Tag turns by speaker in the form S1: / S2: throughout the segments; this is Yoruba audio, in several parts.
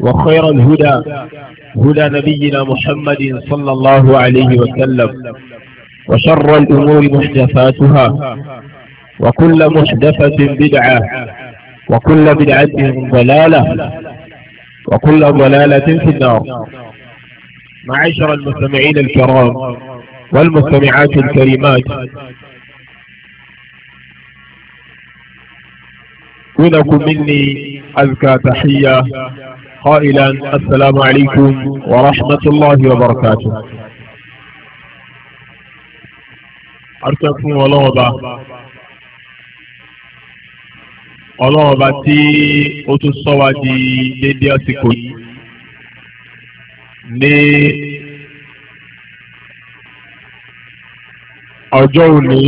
S1: وخير الهدى هدى نبينا محمد صلى الله عليه وسلم وشر الأمور محدثاتها وكل محدثة بدعة وكل بدعة ضلالة وكل ضلالة في النار معاشر المستمعين الكرام والمستمعات الكريمات ولكم مني أزكى تحية قائلا السلام عليكم ورحمة الله وبركاته أركبكم ولو ọlọ́run ọba tí ó tún sọ wá di déédéé àsìkò yìí ní ọjọ́ òní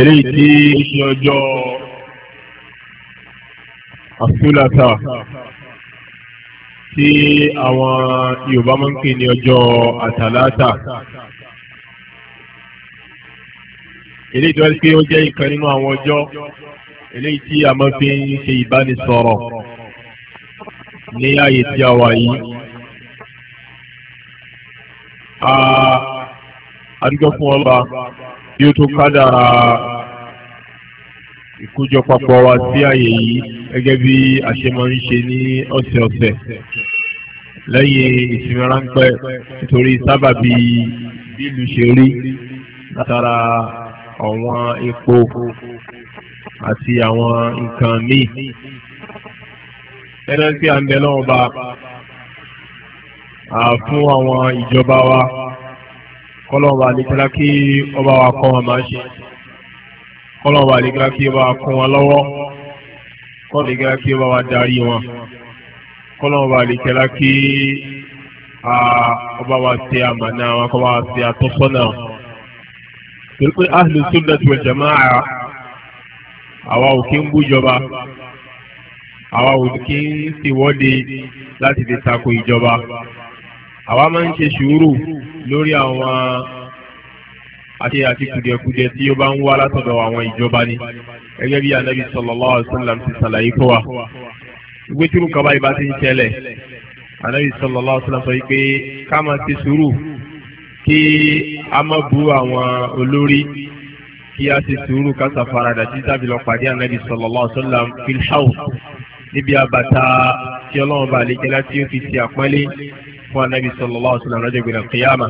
S1: eléyìí tí í ṣe ọjọ́ àsúlàtà tí àwọn Yorùbá máa ń pè ní ọjọ́ àtàlátà
S2: eléyìí tó wá pé ó jẹ́ ìkan nínú àwọn ọjọ́
S1: eléyìí tí a máa fi ń ṣe ìbánisọ̀rọ̀ ní ààyè tí a wà yìí. adúgbò fún ọlọ́ba bí ó tó kádàrá ìkójọpapọ̀ wa sí ààyè yìí gẹ́gẹ́ bí a ṣe máa ń ṣe ní ọ̀sẹ̀ọ̀sẹ̀ lẹ́yìn ìsinmi ráńpẹ́ nítorí sábàbí bílù ṣe rí látara àwọn epo àti àwọn nǹkan míì. ẹnlẹ́ tí a ń bẹ lọ́wọ́ bá a fún àwọn ìjọba wa kọ́lọ́ọ̀bà nìkíra kí ọba wa kọ́ wọn máa ṣe kọ́lọ́ọ̀bà nìkíra kí ọba wa kọ́ wọn lọ́wọ́ kọ́ni gẹ́gẹ́ kí ó bá wa darí wọn kọ́lọ́n wa lè kẹ́lá kí ọba wa ṣe àmàna wọn kọ́ bá wa ṣe àtọ́sọ́nà torí pé ahlu sunnah wal jamaa àwa ò kí ń bújọba
S2: àwa ò kí ń ṣèwọ́de láti lè tako ìjọba
S1: àwa máa ń ṣe sùúrù lórí àwọn àṣẹ àti kùdìẹ̀kudiẹ tí ó bá ń wá látọ̀dọ̀ àwọn ìjọba ni gẹ́gẹ́ bí anabi sallallahu alaihi wasallam ti ṣàlàyé fún wa ìgbé tí irú kaba ìbá ti ń ṣẹlẹ̀ anabi sallallahu alaihi wasallam sọ yìí pé ká máa ti sùúrù kí a má bu àwọn olórí kí a ti sùúrù ká ṣàfaradà tí tàbí lọ pàdé anabi sallallahu alaihi wasallam fil hawd níbi àbàtà tí ọlọ́run bá lè láti fi ṣe àpọ́nlé fún anabi sallallahu alaihi wasallam lọ́jọ́ gbẹ̀rẹ̀ kíyàmà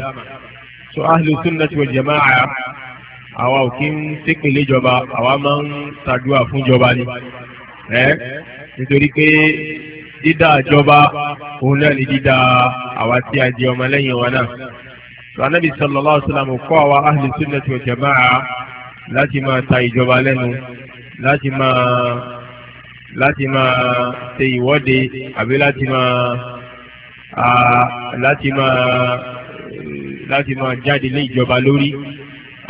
S1: so ahlu sunnati wal jama'a àwa ò kí ń ṣépèlé ìjọba àwa máa ń ṣàdúrà fún ìjọba ni ẹ nítorí pé dídá ìjọba òun náà ni dídá àwa tí a di ọmọlẹ́yìn wa náà sànàbì sallallahu alaihi wasallam kọ́ àwa ahli sunnati wa jamaa láti máa ta ìjọba lẹ́nu láti máa láti máa ṣe ìwọ́de àbí láti máa láti máa láti máa jáde lé ìjọba lórí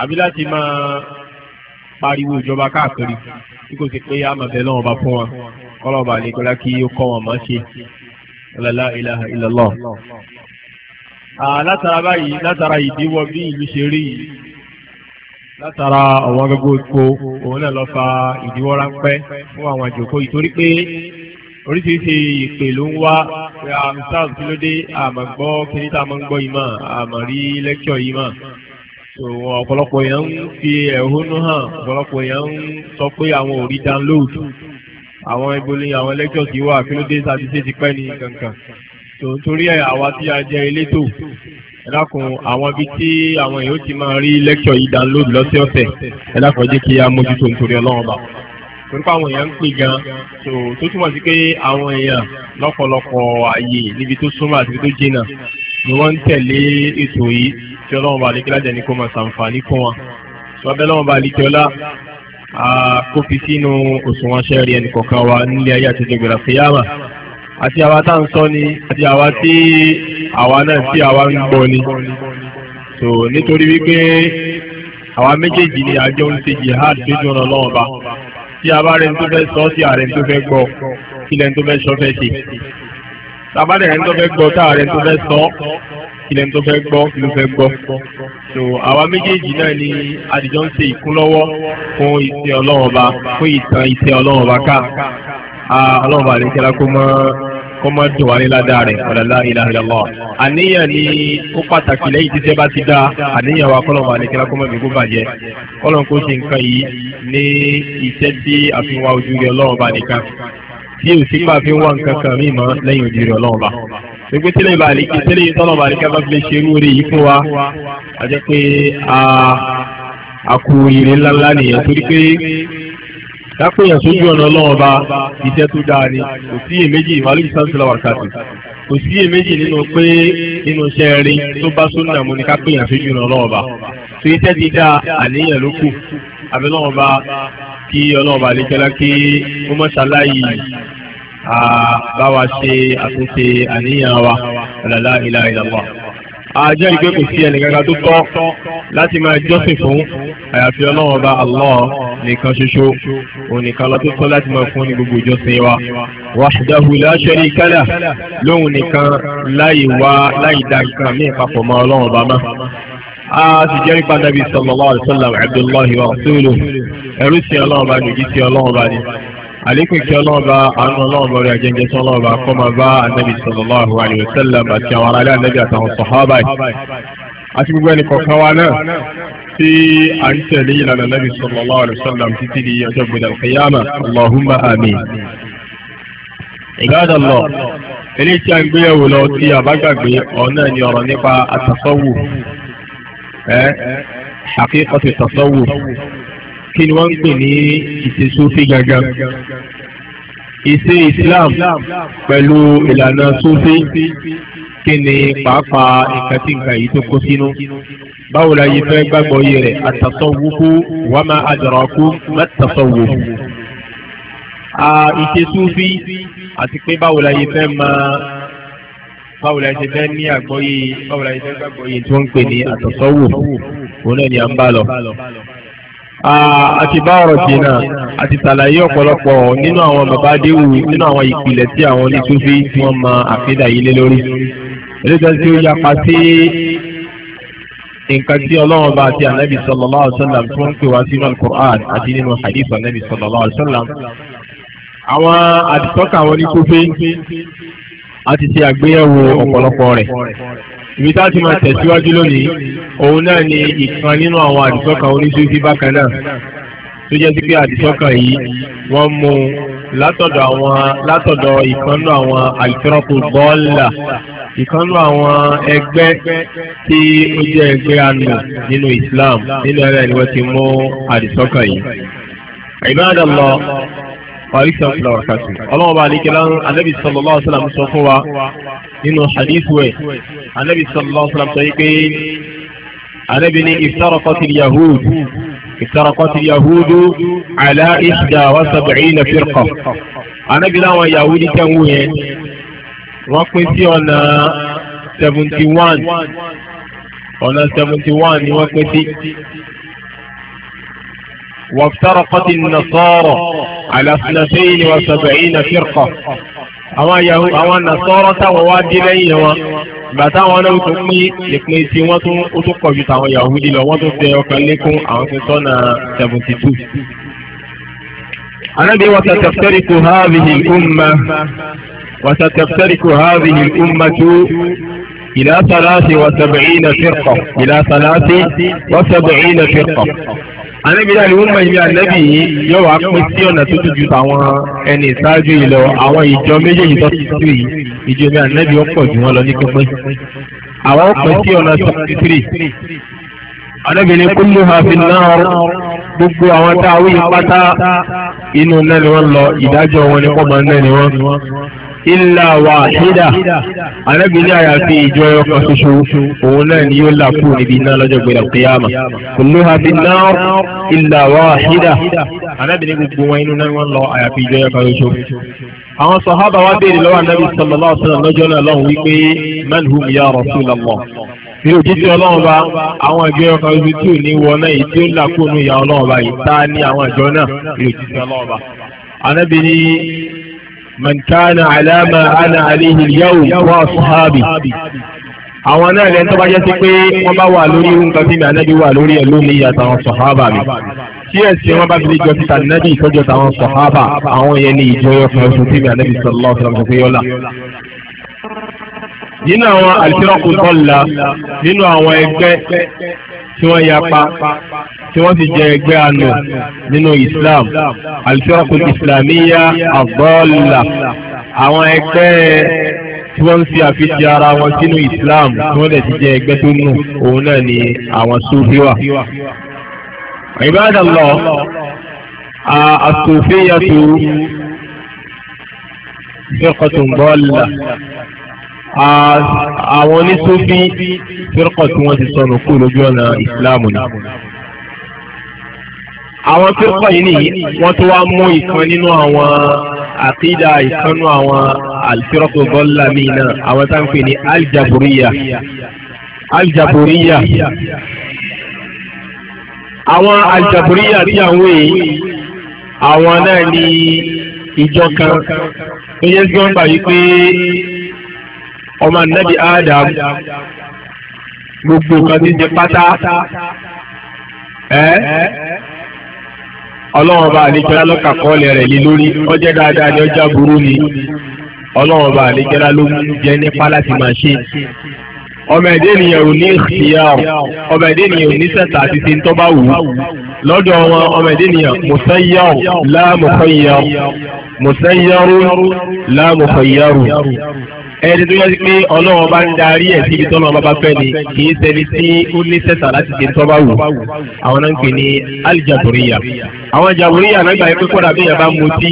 S1: àbí láti máa pariwo ìjọba káàkiri tí kò sì pé àmọ̀bẹ̀ lọ́wọ́ bá fún wọn kọ́lọ́ọ̀bà nìkọ́lá kí ó kọ́ wọn mọ́ ṣe la ilaha illallah. látara báyìí látara ìdíwọ́ bí ìlú ṣe rí yìí látara àwọn gbogbo ipò òun náà lọ fa ìdíwọ́ ráńpẹ́ fún àwọn àjòkó ìtorí pé oríṣiríṣi ìpè ló ń wá pé àmì ah, sáà kí ló dé àmọ̀ gbọ́ kí níta máa ń gbọ́ yìí mọ̀ àmọ̀ rí lẹ́kṣọ̀ yìí mọ̀ ọ̀pọ̀lọpọ̀ èèyàn ń fi ẹ̀hónú hàn ọ̀pọ̀lọpọ̀ èèyàn ń sọ pé àwọn ò rí download àwọn ibole àwọn lectures yìí wà kí ló dé sátidé ti pẹ́ ní kankan tó nítorí ẹ̀ àwa tí a jẹ́ elétò ẹ dákun àwọn ibi tí àwọn èèyàn ti máa rí lecture yìí download lọ́sẹ̀ọ̀sẹ̀ ẹ dákun ẹ kí a mójútó nítorí ọlọ́run ọba torípa àwọn èèyàn ń pè gan tó tó túmọ̀ sí pé àwọn èèyàn lọ́pọ̀lọpọ̀ àyè níbi tó súnmọ́ àti ibi tó jìnnà ni wọ́n ń tẹ̀lé ètò yìí tí ọlọ́run bá lékelá jẹ́ ní kó máa ṣàǹfààní fún wa sọ́bẹ́ ọlọ́run bá lékelá kó fi sínú òṣùwọ̀n aṣẹ́ rí ẹnì kọ̀ọ̀kan wa nílé ayé àti ìjọba ìyáàmà àti àwa tá à ń sọ ni àti àwa tí àwa náà tí àwa ń gbọ́ ni so nítorí wípé àwa méjèèjì ni àjọ ń ṣe jihad lójú ọ̀nà ọlọ́run bá tí a bá rẹ̀ ń tó fẹ́ sọ sí ààrẹ ń tó fẹ́ gbọ́ kí lẹ́ni tó fẹ́ sọ fẹ́ ṣe tàbá rẹ̀ ń tó fẹ́ gbọ́ tá ààrẹ ń tó fẹ́ sọ kí lẹ́nu tó fẹ́ gbọ́ kí ló fẹ́ gbọ́ so àwa méjèèjì náà ni àdìjọ ń ṣe ìkúnlọ́wọ́ fún iṣẹ́ ọlọ́run ọba fún ìtàn iṣẹ́ ọlọ́run ọba ká ọlọ́run ọba àdìjọ́lá kó mọ́ kó mọ́ dùn wá ní ládàá rẹ̀ ọ̀làlá ìlàhìlọ́lọ́ àníyàn ni ó pàtàkì lẹ́yìn tí iṣẹ́ bá ti dá àníyàn wa kọ́lọ́mù àdìjọ́lá kó mọ́ mi kó bàjẹ́ kọ́lọ́mù kó ṣe nǹkan yìí ní iṣẹ́ tí àfihàn ojú rẹ̀ ọlọ́run ọba nìkan tí òṣìpá fi ń wá nǹkan kan mímọ́ lẹ́yìn ojú rẹ̀ ọlọ́run ọba gbogbo tẹ́lẹ̀ ìbàlẹ̀ kí tẹ́lẹ̀ ìtọ́nà ìbàlẹ̀ kí a bá fi lè ṣe irú orí yìí fún wa a jẹ́ pé a kú ìrè ńláńlá nìyẹn torí pé dápéyàn sójú ọ̀nà ọlọ́run ọba iṣẹ́ tó dáa ni kò sí èméjì ìmàlúù sáńsìlá wàkàtì kò sí èméjì nínú pé nínú iṣẹ́ rí tó bá sóńdà mú ni kápéyàn sójú ọ̀nà ọlọ́run ọba tó iṣẹ́ ti dá àníyàn ló kù abẹ́lọ́run ọba kí ọlọ́run ọba àlejò kí ó mọ̀ ṣáláyìí bá wa ṣe àtúnṣe àníyàn wa ọ̀làlá ìlà ìlàpọ̀. àjẹ́ ìgbé kò sí ẹnìkankan tó tọ́ láti máa jọ́sìn fún àyàfi ọlọ́run ọba Allah nìkan ṣoṣo òun nìkan lọ tó tọ́ láti máa fún ní gbogbo ìjọsìn wa. wahdahu la sharika lóhun nìkan láì wá láì dá nǹkan míì papọ̀ mọ́ ọlọ́run ọba máa a sì jẹ́ nípa nàbí sallallahu alaihi wasallam abdullahi wa rasuluhu ẹ̀rú sí ọlọ́run bá nìyí sí ọlọ́run bá ní àlékún kí ọlọ́ọ̀bá àánú ọlọ́ọ̀bá rẹ̀ jẹ́jẹ́ tán ọlọ́ọ̀bá kọ́ máa bá anabi sallallahu alayhi wa sallam àti àwọn aráàlú anabi àtàwọn sọ̀hábà yìí àti gbogbo ẹnì kọ̀ọ̀kan wa náà tí a ń tẹ̀lé ìlànà anabi sallallahu alayhi wa sallam títí di ọjọ́ gbọdọ̀ kìyàmà allahumma amin. ibadallah eléyìí tí a ń gbéyàwó lọ tí a bá gbàgbé ọ̀nà kí ni wọ́n ń pè ní ìṣesúfì gangan ìṣe Islam pẹ̀lú ìlànà súfì kí ni pàápàá nǹkan tí nǹkan yìí tó kó sínú báwo la yìí fẹ́ gbàgbọ́ yìí rẹ̀ àtàsọ̀wùkú wà má àdàràkú mẹ́tàsọ̀wù. ìṣe súfì àti pé báwo la yìí fẹ́ máa báwo la ṣe fẹ́ ní àgbọ́yé báwo la ṣe fẹ́ gbàgbọ́ yìí tí wọ́n ń pè ní àtàsọ̀wù òun náà ni à ń bá lọ àti bá ọ̀rọ̀ ṣe náà àti ṣàlàyé ọ̀pọ̀lọpọ̀ nínú àwọn bàbá adéwù nínú àwọn ìpìlẹ̀ tí àwọn oníṣòfì tí wọ́n mọ àkídà yìí lé lórí. eléjọ́ tí ó yapa sí nǹkan tí ọlọ́run bá àti ànábì sallallahu alaihi wasallam tí wọ́n ń pè wá sínú al-Qur'an àti nínú hadith ànábì sallallahu alaihi àwọn àdìsọ́kà àwọn oníṣòfì àti ṣe àgbéyẹ̀wò ọ̀pọ̀lọpọ̀ rẹ̀ ibi tá a ti máa tẹ̀síwájú lónìí òun náà ni ìkan nínú àwọn àdìsọ́kàn oníṣúfí bákan náà tó jẹ́ sí pé àdìsọ́kàn yìí wọ́n mú látọ̀dọ̀ àwọn látọ̀dọ̀ ìkànnú àwọn àìsírọ́pù bọ́ọ̀là ìkànnú àwọn ẹgbẹ́ tí ó jẹ́ ẹgbẹ́ àná nínú Islam nínú ẹ̀rẹ́ ni wọ́n ti mú àdìsọ́kàn yìí. Ibadallah wàhálìsà fúláwà kàtó ọlọ́wọ́ bá àlejò lánàá anabi sallallahu alaihi wasallam sọ fún wa nínú hadith wẹ̀ anabi sallallahu alaihi wasallam sọ yìí pé anabi ní iftaraqatil yahud iftaraqatil yahudu ala ihda wa sab'ina firqa anabi náà wọn yahudi tẹ̀ ń wù yẹn wọ́n pín sí ọ̀nà
S2: seventy one
S1: ọ̀nà seventy one ni wọ́n pín sí. وافترقت النصارى على اثنتين وسبعين فرقة أما يهو أما نصارة ووادلين و باتا وانا وتقني لكني سيواتو وتقى جتا يهودي لو وانتو سيوكال لكم عاصتنا 72 أنا بي وستفترق هذه الأمة وستفترق هذه الأمة إلى ثلاث وسبعين فرقة إلى ثلاث وسبعين فرقة anẹ́gbẹ́dá ni wọ́n mọ ìwé ànẹ́bì yìí yóò wá pín sí ọ̀nà tó dùn ju tàwọn ẹni ìṣáájú yìí lọ àwọn ìjọ méjèèjì tó ti tú yìí ìjọ mi ànẹ́bì ó pọ̀ jù wọ́n lọ ní pínpín. àwọn pín sí ọ̀nà seventy three anẹ́bì ni kúlù hafin náà gbogbo àwọn tá a wí pátá inú náà ni lọ ìdájọ́ wọn ni wọ́n máa ń náà ìlà wàhídà ànábì ní àyàfi ìjọ ọkàn ṣoṣo òun náà ni yóò là kúrò níbi iná lọ́jọ́ gbẹ̀dà kíyàmà kulluha fin-nar ìlà wàhídà ànábì ní gbogbo wọn inú náà wọ́n lọ àyàfi ìjọ ọkàn ṣoṣo. àwọn sàhábà wa béèrè lọ́wọ́ ànábì sallallahu alaihi wasallam lọ́jọ́ náà lọ́hùn wípé man hum ya Rasulallah ní òjijì ọlọ́run bá àwọn ìjọ ọkàn ojú tí ò ní wọ náà yìí tí ó là kúrò ìyá ọlọ́run yìí tá a ní àwọn ìjọ náà ní òjijì ọlọ́run bá. ànábì من كان على ما ana عليه اليوم yawm wa ashabi àwọn náà lẹ́nu tó bá jẹ́ sí pé wọ́n bá wà lórí nǹkan tí mi ànábi wà lórí ẹ̀ lónìí àtàwọn sọ̀hábà mi tí ẹ̀sìn wọn bá fi lè jọ títà nábì ìtọ́jọ́ táwọn sọ̀hábà àwọn yẹn ní ìjọyọ̀ kan oṣù tí mi ànábi sallallahu alaihi wasallam nínú àwọn àlùfẹ́ ọkùnrin tọ́lá nínú àwọn ẹgbẹ́ tí wọ́n yapa tí wọ́n sì jẹ́ ẹgbẹ́ àánú nínú Islam al-firaqul islamiyya ad-dalla àwọn ẹgbẹ́ tí wọ́n ń fi àfitì ara wọn sínú Islam tí wọ́n dẹ̀ ti jẹ́ ẹgbẹ́ tó nù òun náà ni àwọn sufiwa. Ibadallah as-sufiyyatu firqatun dalla àwọn onísúfí fírkọ̀ tí wọ́n ti sọnù kú lójú ọ̀nà ìsìláàmù ni. àwọn fírkọ̀ yìí nìyí wọ́n tó wá mú ìkan nínú àwọn àkídà ìkanú àwọn àlùfírkọ̀ gọ́lá míì náà àwọn tá ń pè ní aljaburiya aljaburiya àwọn aljaburiya tí àwọn èyí àwọn náà ní ìjọ kan tó yẹ kí wọ́n gbà yí pé ọmọ nẹ́bí Adam gbogbo nǹkan ti ń jẹ pátá ẹ́ ọlọ́wọ́n bá àlejò lọ́kà kọ́ọ̀lẹ̀ rẹ̀ lé lórí ọjẹ́ dáadáa ni ọjà burú ni ọlọ́wọ́n bá àlejò ló ń jẹ nípa láti máa ṣe ọmọ ẹ̀dẹ́ ènìyàn ò ní ìyá ọ̀ ọmọ ẹ̀dẹ́ ènìyàn ò ní sẹ̀tà àti ṣe ń tọ́ bá wù ú lọ́dọ̀ wọn ọmọ ẹ̀dẹ́ ènìyàn mùsẹ́yàwó láàmùkọ́yàwó mùsẹ́yàwó láàmùkọ́yàwó ẹni tó yọjú pé ọlọ́run bá ń darí ẹ̀ síbi tọ́nà ọba bá fẹ́ ni kì í ṣẹni tí ó ní sẹ́sà láti ṣe tọ́ bá wù àwọn náà ń pè ní alijaburiya àwọn jaburiya náà gbà yẹ pé kódà bí yàrá mutí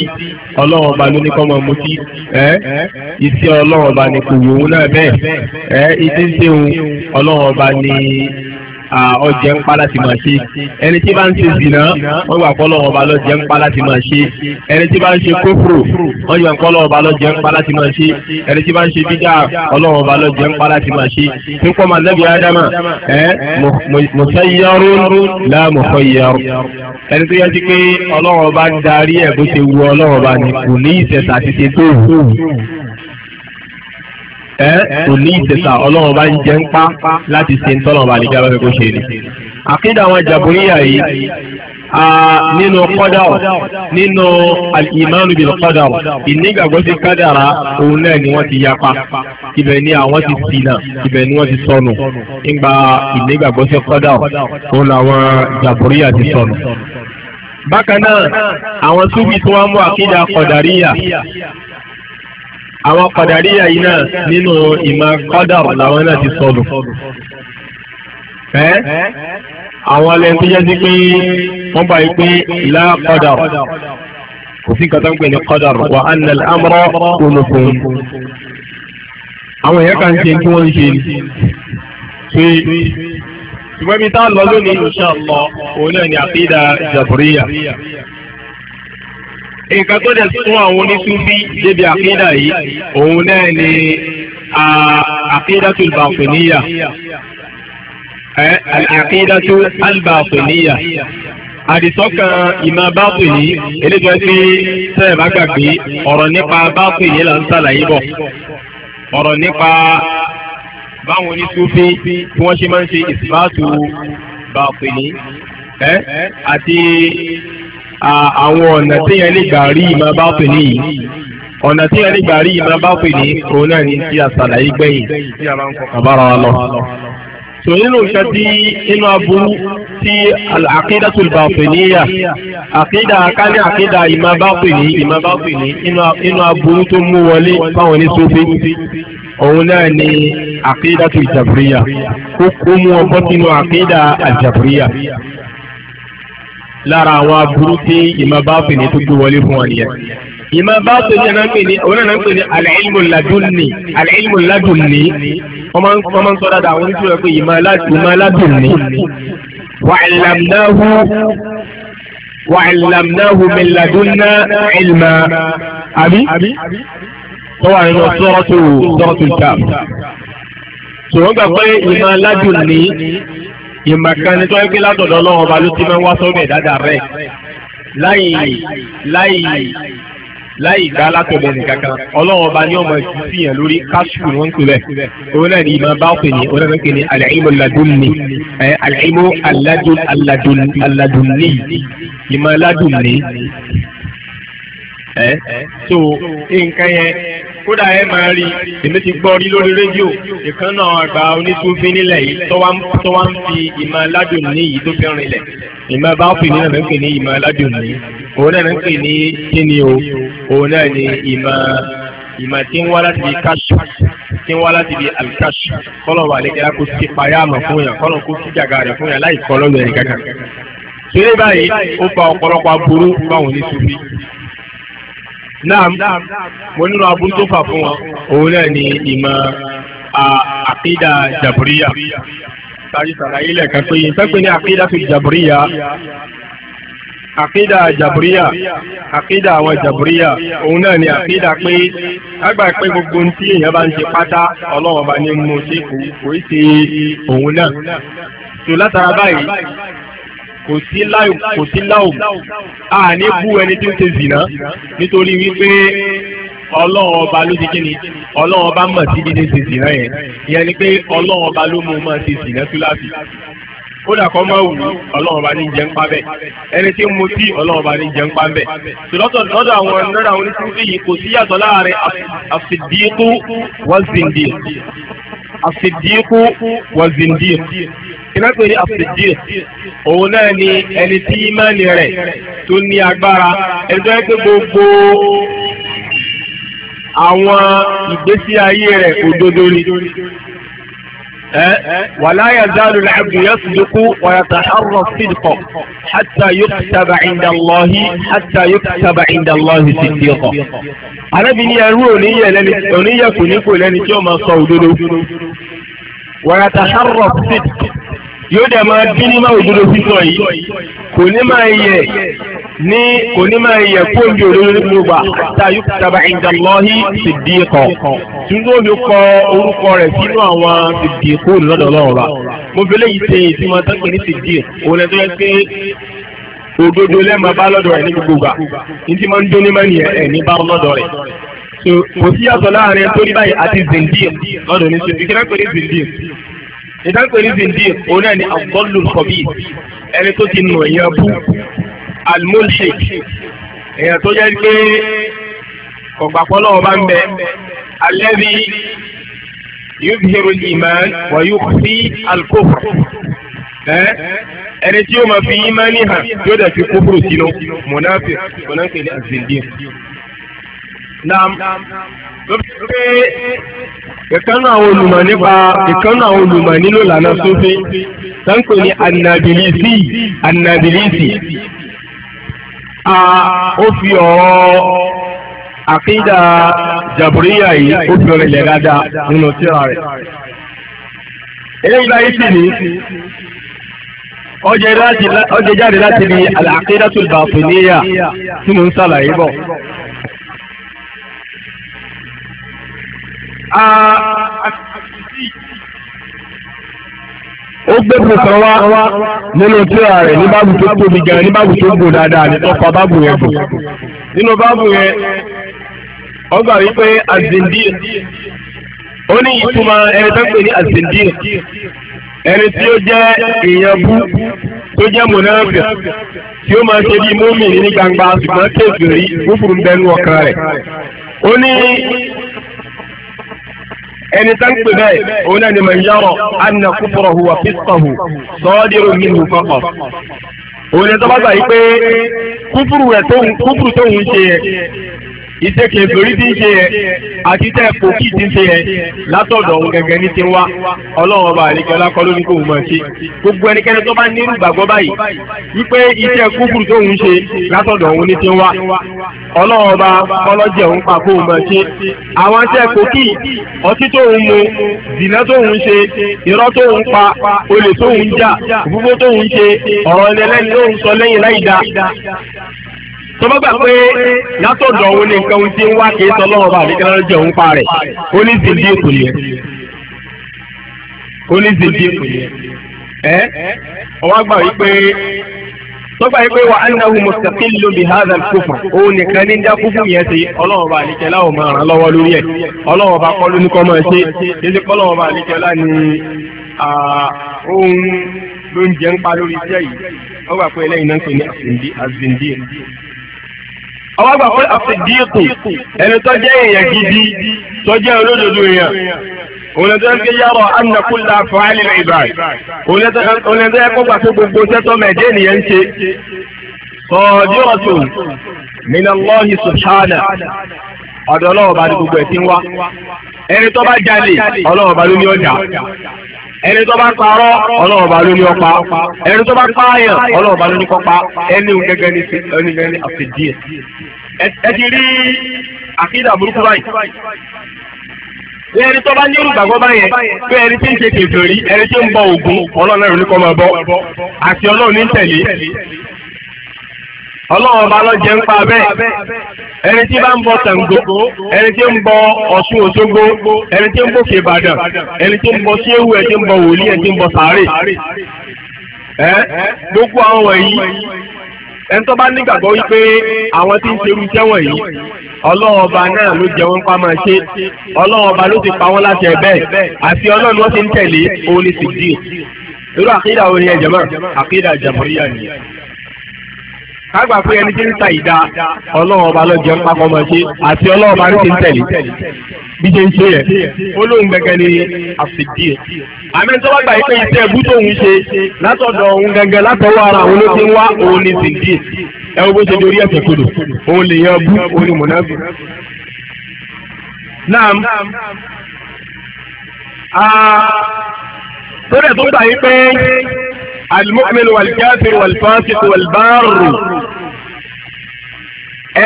S1: ọlọ́run ọba ló ní kọ́ máa mutí ẹ́ iṣẹ́ ọlọ́run ọba ni kò wù ú náà bẹ́ẹ̀ ẹ́ iṣẹ́ ń ṣe òun ọlọ́run ọba ni ọjẹ́ ń pa láti máa ṣe ẹni tí bá ń ṣe zìnà wọ́n gbà kọ́ lọ́wọ́ ọba lọ́jẹ́ ń pa láti máa ṣe ẹni tí bá ń ṣe kófòrò wọ́n gbà kọ́ lọ́wọ́ ọba lọ́jẹ́ ń pa láti máa ṣe ẹni tí bá ń ṣe bídà ọlọ́wọ́ ọba lọ́jẹ́ ń pa láti máa ṣe tí kò máa lẹ́bi ádámà ẹ mùsàyẹ́rún lá mùsàyẹ́rún ẹni tó yẹ ti pé ọlọ́wọ́ ọba darí ẹ̀ bó ṣe wu ọlọ́wọ́ ọba ní kò ní ìṣẹ̀ṣà ti ṣe tó wù ẹ kò ní ìtẹ̀sà ọlọ́run bá ń jẹ́ ń pa láti ṣe ń tọ́lọ̀ bá lè jábẹ́ fẹ́ kó ṣe ni. àkídà àwọn jàbúríyà yìí
S2: nínú qadar
S1: nínú al-imanu bil qadar ìnígbàgbọ́ sí kádàrá òun náà ni wọ́n ti yapa ibẹ̀ ni àwọn ti ṣìnà ibẹ̀ ni wọ́n ti sọnù nígbà ìnígbàgbọ́ sí qadar òun làwọn jàbúríyà ti sọnù. bákan náà
S2: àwọn súbì tí wọ́n mú àkídà kọ̀dàríyà
S1: àwọn kọ̀dàríyà yìí náà nínú ìmọ̀ kọ́dàrù làwọn náà ti sọnù. ẹ́ àwọn alẹ́ tó jẹ́ sí pé wọ́n bá yí pé lá kọ́dàrù kò sí nǹkan tó ń pè ní kọ́dàrù wà á nà amúrọ̀ olùkùn. àwọn èèyàn kan ṣe tí wọ́n ń ṣe ṣùgbọ́n ibi tá a lọ lónìí insha òun náà ni àkídà jàbúríyà nǹkan tó dẹ̀ sún àwọn onísúfí débi àkídà yìí òun náà ni àkídàtul bàtíníyà àkídàtul albàtíníyà àdìsọ́kàn ìmọ̀ báàtìní eléjọ́ sí sẹ́ẹ̀ bá gbàgbé ọ̀rọ̀ nípa báàtìní là ń sàlàyé bọ̀ ọ̀rọ̀ nípa báwọn onísúfí tí wọ́n ṣe máa ń ṣe ìsìbáàtù bàtíní àti àwọn ọ̀nà tí yẹn lè gbà rí ìmọ̀ bá pè ní yìí ọ̀nà tí yẹn lè gbà rí ìmọ̀ bá pè ní òun náà ní tí a ṣàlàyé gbẹ̀yìn tí a máa ń kọ́ bára wa lọ. sọ nínú nǹkan tí inú aburú tí al-aqidatul batiniyya àkídà kálí àkídà ìmọ̀ bá pè ní ìmọ̀ bá pè ní inú aburú tó mú wọlé fáwọn oníṣòfé òun náà ni àkídà tó ìjàbúríyà ó kó mú ọgbọ́n sínú àkídà àjàbúríyà lára àwọn aburú tí ìmọ̀ báàtìní tó gbé wọlé fún wọn nìyẹn. ìmọ̀ báàtìní náà ń pè ní òun náà ń pè ní al-ilmu ladunni al-ilmu ladunni wọ́n máa ń sọ dáadáa àwọn oníṣòwò pé ìmọ̀ ladunni wa 'allamnahu wa 'allamnahu àbí tọ́wọ́ àyìnbó suratul suratul Kahf. sọ̀rọ̀ gbà pé ìmọ̀ ladunni ìmọ̀kan ni tó yẹ kí látọ̀dọ̀ ọlọ́run ọba ló ti máa ń wá sọ́dọ̀ ìdájà rẹ̀ láì láì láì gbá látọ̀dọ̀ nìkan kan ọlọ́run ọba ní ọmọ ìsú sí yẹn lórí káṣù ni wọ́n ń pè bẹ́ẹ̀ òun náà ni ìmọ̀ bá pè ní òun náà pè ní alẹ́ìmọ̀ ladùnni ẹ alẹ́ìmọ̀ aladùnni ìmọ̀ ladùnni ẹ so nǹkan yẹn kódà ẹ máa rí èmi ti gbọ́ rí lórí rédíò ìkan náà àgbà onítúfin nílẹ̀ yìí tó wá ń fi ìmọ̀ aládùn ní yìí tó fẹ́ rinlẹ̀ ìmọ̀ bá pè ní ẹ̀mẹ́ pè ní ìmọ̀ aládùn ní òun náà ń pè ní kíni o òun náà ni ìmọ̀ ìmọ̀ tí ń wá láti di káṣù tí ń wá láti di alikaṣu kọ́lọ̀ wà lẹ́kẹ́lá kó ti payá àmọ̀ fún yàn kọ́lọ̀ kó ti jàgà rẹ̀ fún yàn láì kọ́ lọ́lọ́ ẹ̀rí kankan. sèré báyìí ó fa ọ̀pọ̀lọpọ̀ aburú fáwọn oníṣòfin náà mo nínú aburú tó fà fún wọn òun náà ni ìmọ̀ àkídà jàbúríyà tàbí sàlàyé lẹ́ẹ̀kan pé yìí pẹ́pẹ́ ní àkídà fi jàbúríyà àkídà jàbúríyà àkídà àwọn jàbúríyà òun náà ni àkídà pé àgbà pé gbogbo ohun tí èèyàn bá ń ṣe pátá ọlọ́run bá ní mú ṣe kò kò í ṣe òun náà. tò látara báyìí kò sí láwùm kò sí láwùm
S2: a ní bú ẹni
S1: tí ó ṣe zìnà nítorí wípé ọlọ́run ọba ló ti kíni ọlọ́run ọba mọ̀ sí dídé ṣe zìnà yẹn ìyẹn ni pé ọlọ́run ọba ló mú un mọ̀ ṣe zìnà túláàfì kódà kọ́ máa wù ọlọ́run ọba ní jẹ́ ń pa bẹ́ẹ̀ ẹni tí ń mu tí ọlọ́run ọba ní jẹ́ ń pa bẹ́ẹ̀ tòlọ́tọ̀ lọ́dọ̀ àwọn lọ́dọ̀ àwọn oníṣẹ́wọ́sẹ́ yìí kò sí yàtọ̀ láàrin àfìdíkù wọ́n zìndíkù iná pé ní àfìdíè òun náà ni ẹni tí ìmánì rẹ̀ tó ní agbára ẹni tó yẹ pé gbogbo àwọn ìgbésí ayé rẹ̀ òdodo ni. ولا يزال العبد يصدق ويتحرى الصدق حتى يكتب عند الله حتى يكتب عند الله صديقا arábìnrin ni ẹrú oníyẹ ní kò lẹ́ni tí ó máa sọ òdodo ويتحرى الصدق yóò dẹ̀ máa bí ní máa òdodo sísọ yìí kò ní máa yẹ ní kò ní máa yẹ kó omi òdodo ní gbogbo àtàyù tàbá ìdàlọ́hí ti di kọ̀ tún ló kọ orúkọ rẹ̀ sínú àwọn ti di kó lọ́dọ̀ lọ́wọ́ wa mo fi léyìí ṣe ìtumọ̀ sọ́kè ní ti di òun ẹ̀ tó yẹ pé òdodo lẹ́ẹ̀ma bá lọ́dọ̀ rẹ̀ ní gbogbo gbà ní ti máa ń dún ní máa yẹ ẹ̀ ní bá lọ́dọ̀ rẹ̀ kò sí yàtọ̀ láàrin torí báyìí àti zindir lọ́dọ̀ ní ṣe fi kí ìtàkùn ní zindir òun náà ni abdullu kọbí ẹni tó ti nù ẹ̀yàn bú almulhid èèyàn tó jẹ́ pé kọ̀gbàpọ̀ náà bá ń bẹ alladhi yubhiru al-iman wa yukhfi al-kufr ẹni tí ó máa fi ìmánì hàn yóò dẹ̀ fi kúfùrù sínú mọ̀nàfẹ́ mọ̀nàfẹ́ ní azindir ìkànnà àwọn olùmọ̀ nípa ìkànnà àwọn olùmọ̀ nílò lànà Sufi sáńpè ní anabilisi anabilisi a ó fi ọ̀rọ̀ àkídà jàbúríyà yìí ó fi ọ̀rẹ́ lẹ̀ dáadáa nínú síra rẹ̀ eléyìí báyìí sì ní ọjẹ́ jáde láti ní al-aqidatul batiniyya tí mo ń sàlàyé bọ̀. ó gbé wá nínú tíra rẹ̀ ní báàbù tó tóbi gan ní báàbù tó gbò dáadáa ní tọ́pa báàbù yẹn gbò nínú báàbù yẹn wọ́n gbà wípé azindi ó ní ìtumọ̀ ẹni tó ń pè ní azindi ẹni tí ó jẹ́ èèyàn bú tó jẹ́ mọ̀nàfẹ́ tí ó máa ṣe ẹni tá ń pè bẹ́ẹ̀ òun náà ni mà ń yọrọ anna kúfúrọ̀hù wà fífọ̀hù sọ́ọ́dẹ̀rù mímu fọ́kọ̀. òun ni tọ́ba gbà yí pé kúfúrù tóun ṣe yẹ iṣẹ́ kẹfẹ́rí ti ń ṣe yẹ àti iṣẹ́ pòkì ti ń ṣe yẹ látọ̀dọ̀ òun gẹ́gẹ́ ní ti wá ọlọ́run ọba àlejò ọlákọ́ ló ní kó máa ṣe gbogbo ẹnikẹ́ni tó bá ní irú gbàgbọ́ báyìí wípé iṣẹ́ kúkúrú tó ń ṣe látọ̀dọ̀ òun ní ti wá ọlọ́run ọba ọlọ́jẹ̀ òun pa kó máa ṣe àwọn iṣẹ́ pòkì ọtí tó ń mu dìná tó ń ṣe irọ́ tó ń pa olè tó ń jà òfófó tó ń ṣe ọ̀rọ̀ ẹlẹ́ni tó ń sọ lẹ́yìn láì dáa tọ́mọ́ gbà pé látọ̀dọ̀ òun ní nǹkan tí ń wá kìí sọ lọ́wọ́ bá àbíkẹ́ lọ́jọ́ jẹ́ òun pa rẹ̀ ó ní zindi kù yẹn ó ní zindi kù yẹn ẹ ọwọ́ gbà wípé tọ́gbà yìí pé wà á náwó mustaqil lóbi haza kófà òun nìkan ní dá kúfù yẹn sí ọlọ́wọ́ bá àlíkẹ́ láwọn máa ràn lọ́wọ́ lórí ẹ̀ ọlọ́wọ́ bá kọ́ lóníkọ́ máa ṣe kéde kọ́lọ́wọ́ bá àlíkẹ́ ló ń jẹ́ ń pa lórí iṣẹ́ yìí ó pé ẹlẹ́yìn náà ń pè ní àzìndí àwọn àgbà fún àfìdíìkù ẹni tó jẹ́ èèyàn gidi tó jẹ́ olódodo èèyàn òun lè tó yẹ kí yàrá anakúlá fàálì ìbàdí òun lè tó yẹ kó gbà tó gbogbo sẹ́tọ́ mẹ́jẹ́ nìyẹn ṣe sọ̀ọ́dí ọ̀tún min Allah subhana ọ̀dọ̀ ọlọ́ọ̀bá ni gbogbo ẹ̀ ti ń wá ẹni tó bá jalè ọlọ́ọ̀bá ló ní ọjà ẹni tó bá parọ́ ọlọ́run bá lórí ọpa ẹni tó bá pààyàn ọlọ́run bá lórí kọ́pa ẹni gẹ́gẹ́ ní ẹni gẹ́gẹ́ ní àfẹ́díẹ̀. ẹ ti rí àkídà burúkú báyìí ẹni tó bá ní olùgbàgbọ́ báyẹn pé ẹni tí ń ṣe kèfèrí ẹni tí ń bọ ògún ọlọ́run náà ní kọ́ máa bọ́ àti ọlọ́run ní tẹ̀lé ọlọ́run ọba ló jẹ́ ń pa bẹ́ẹ̀ ẹni tí bá ń bọ Ṣàngó ẹni tí ń bọ Ọ̀ṣun Òṣogbo ẹni tí ń bọ kébàdàn ẹni tí ń bọ séwù ẹni tí ń bọ wòlíì ẹni tí ń bọ sàárè ẹ gbogbo àwọn wọ̀nyí ẹni tó bá nígbàgbọ́ wípé àwọn tí ń ṣerú iṣẹ́ wọ̀nyí ọlọ́run ọba náà ló jẹ wọ́n pa máa ṣe ọlọ́run ọba ló ti pa wọ́n láti ẹ̀ bẹ́ẹ̀ àti ọlọ́run wọ́n ti ń tẹ̀lé òun ni sì dì irú àkídà wo kágbà pé ẹni tí ń ta ìdá ọlọ́run ọba lọ́jọ́ ń pakọ́ àti ọlọ́run ọba ní ti ń tẹ̀lé bí ṣe ń ṣe yẹ olóhùn gẹ́gẹ́ ni àfìdí àmì tó wá gbà yí pé iṣẹ́ ẹbú ṣe látọ̀dọ̀ òun gẹ́gẹ́ látọwọ́ ara ló ti ń wá òun ní المؤمن والكافر والفاسق والبار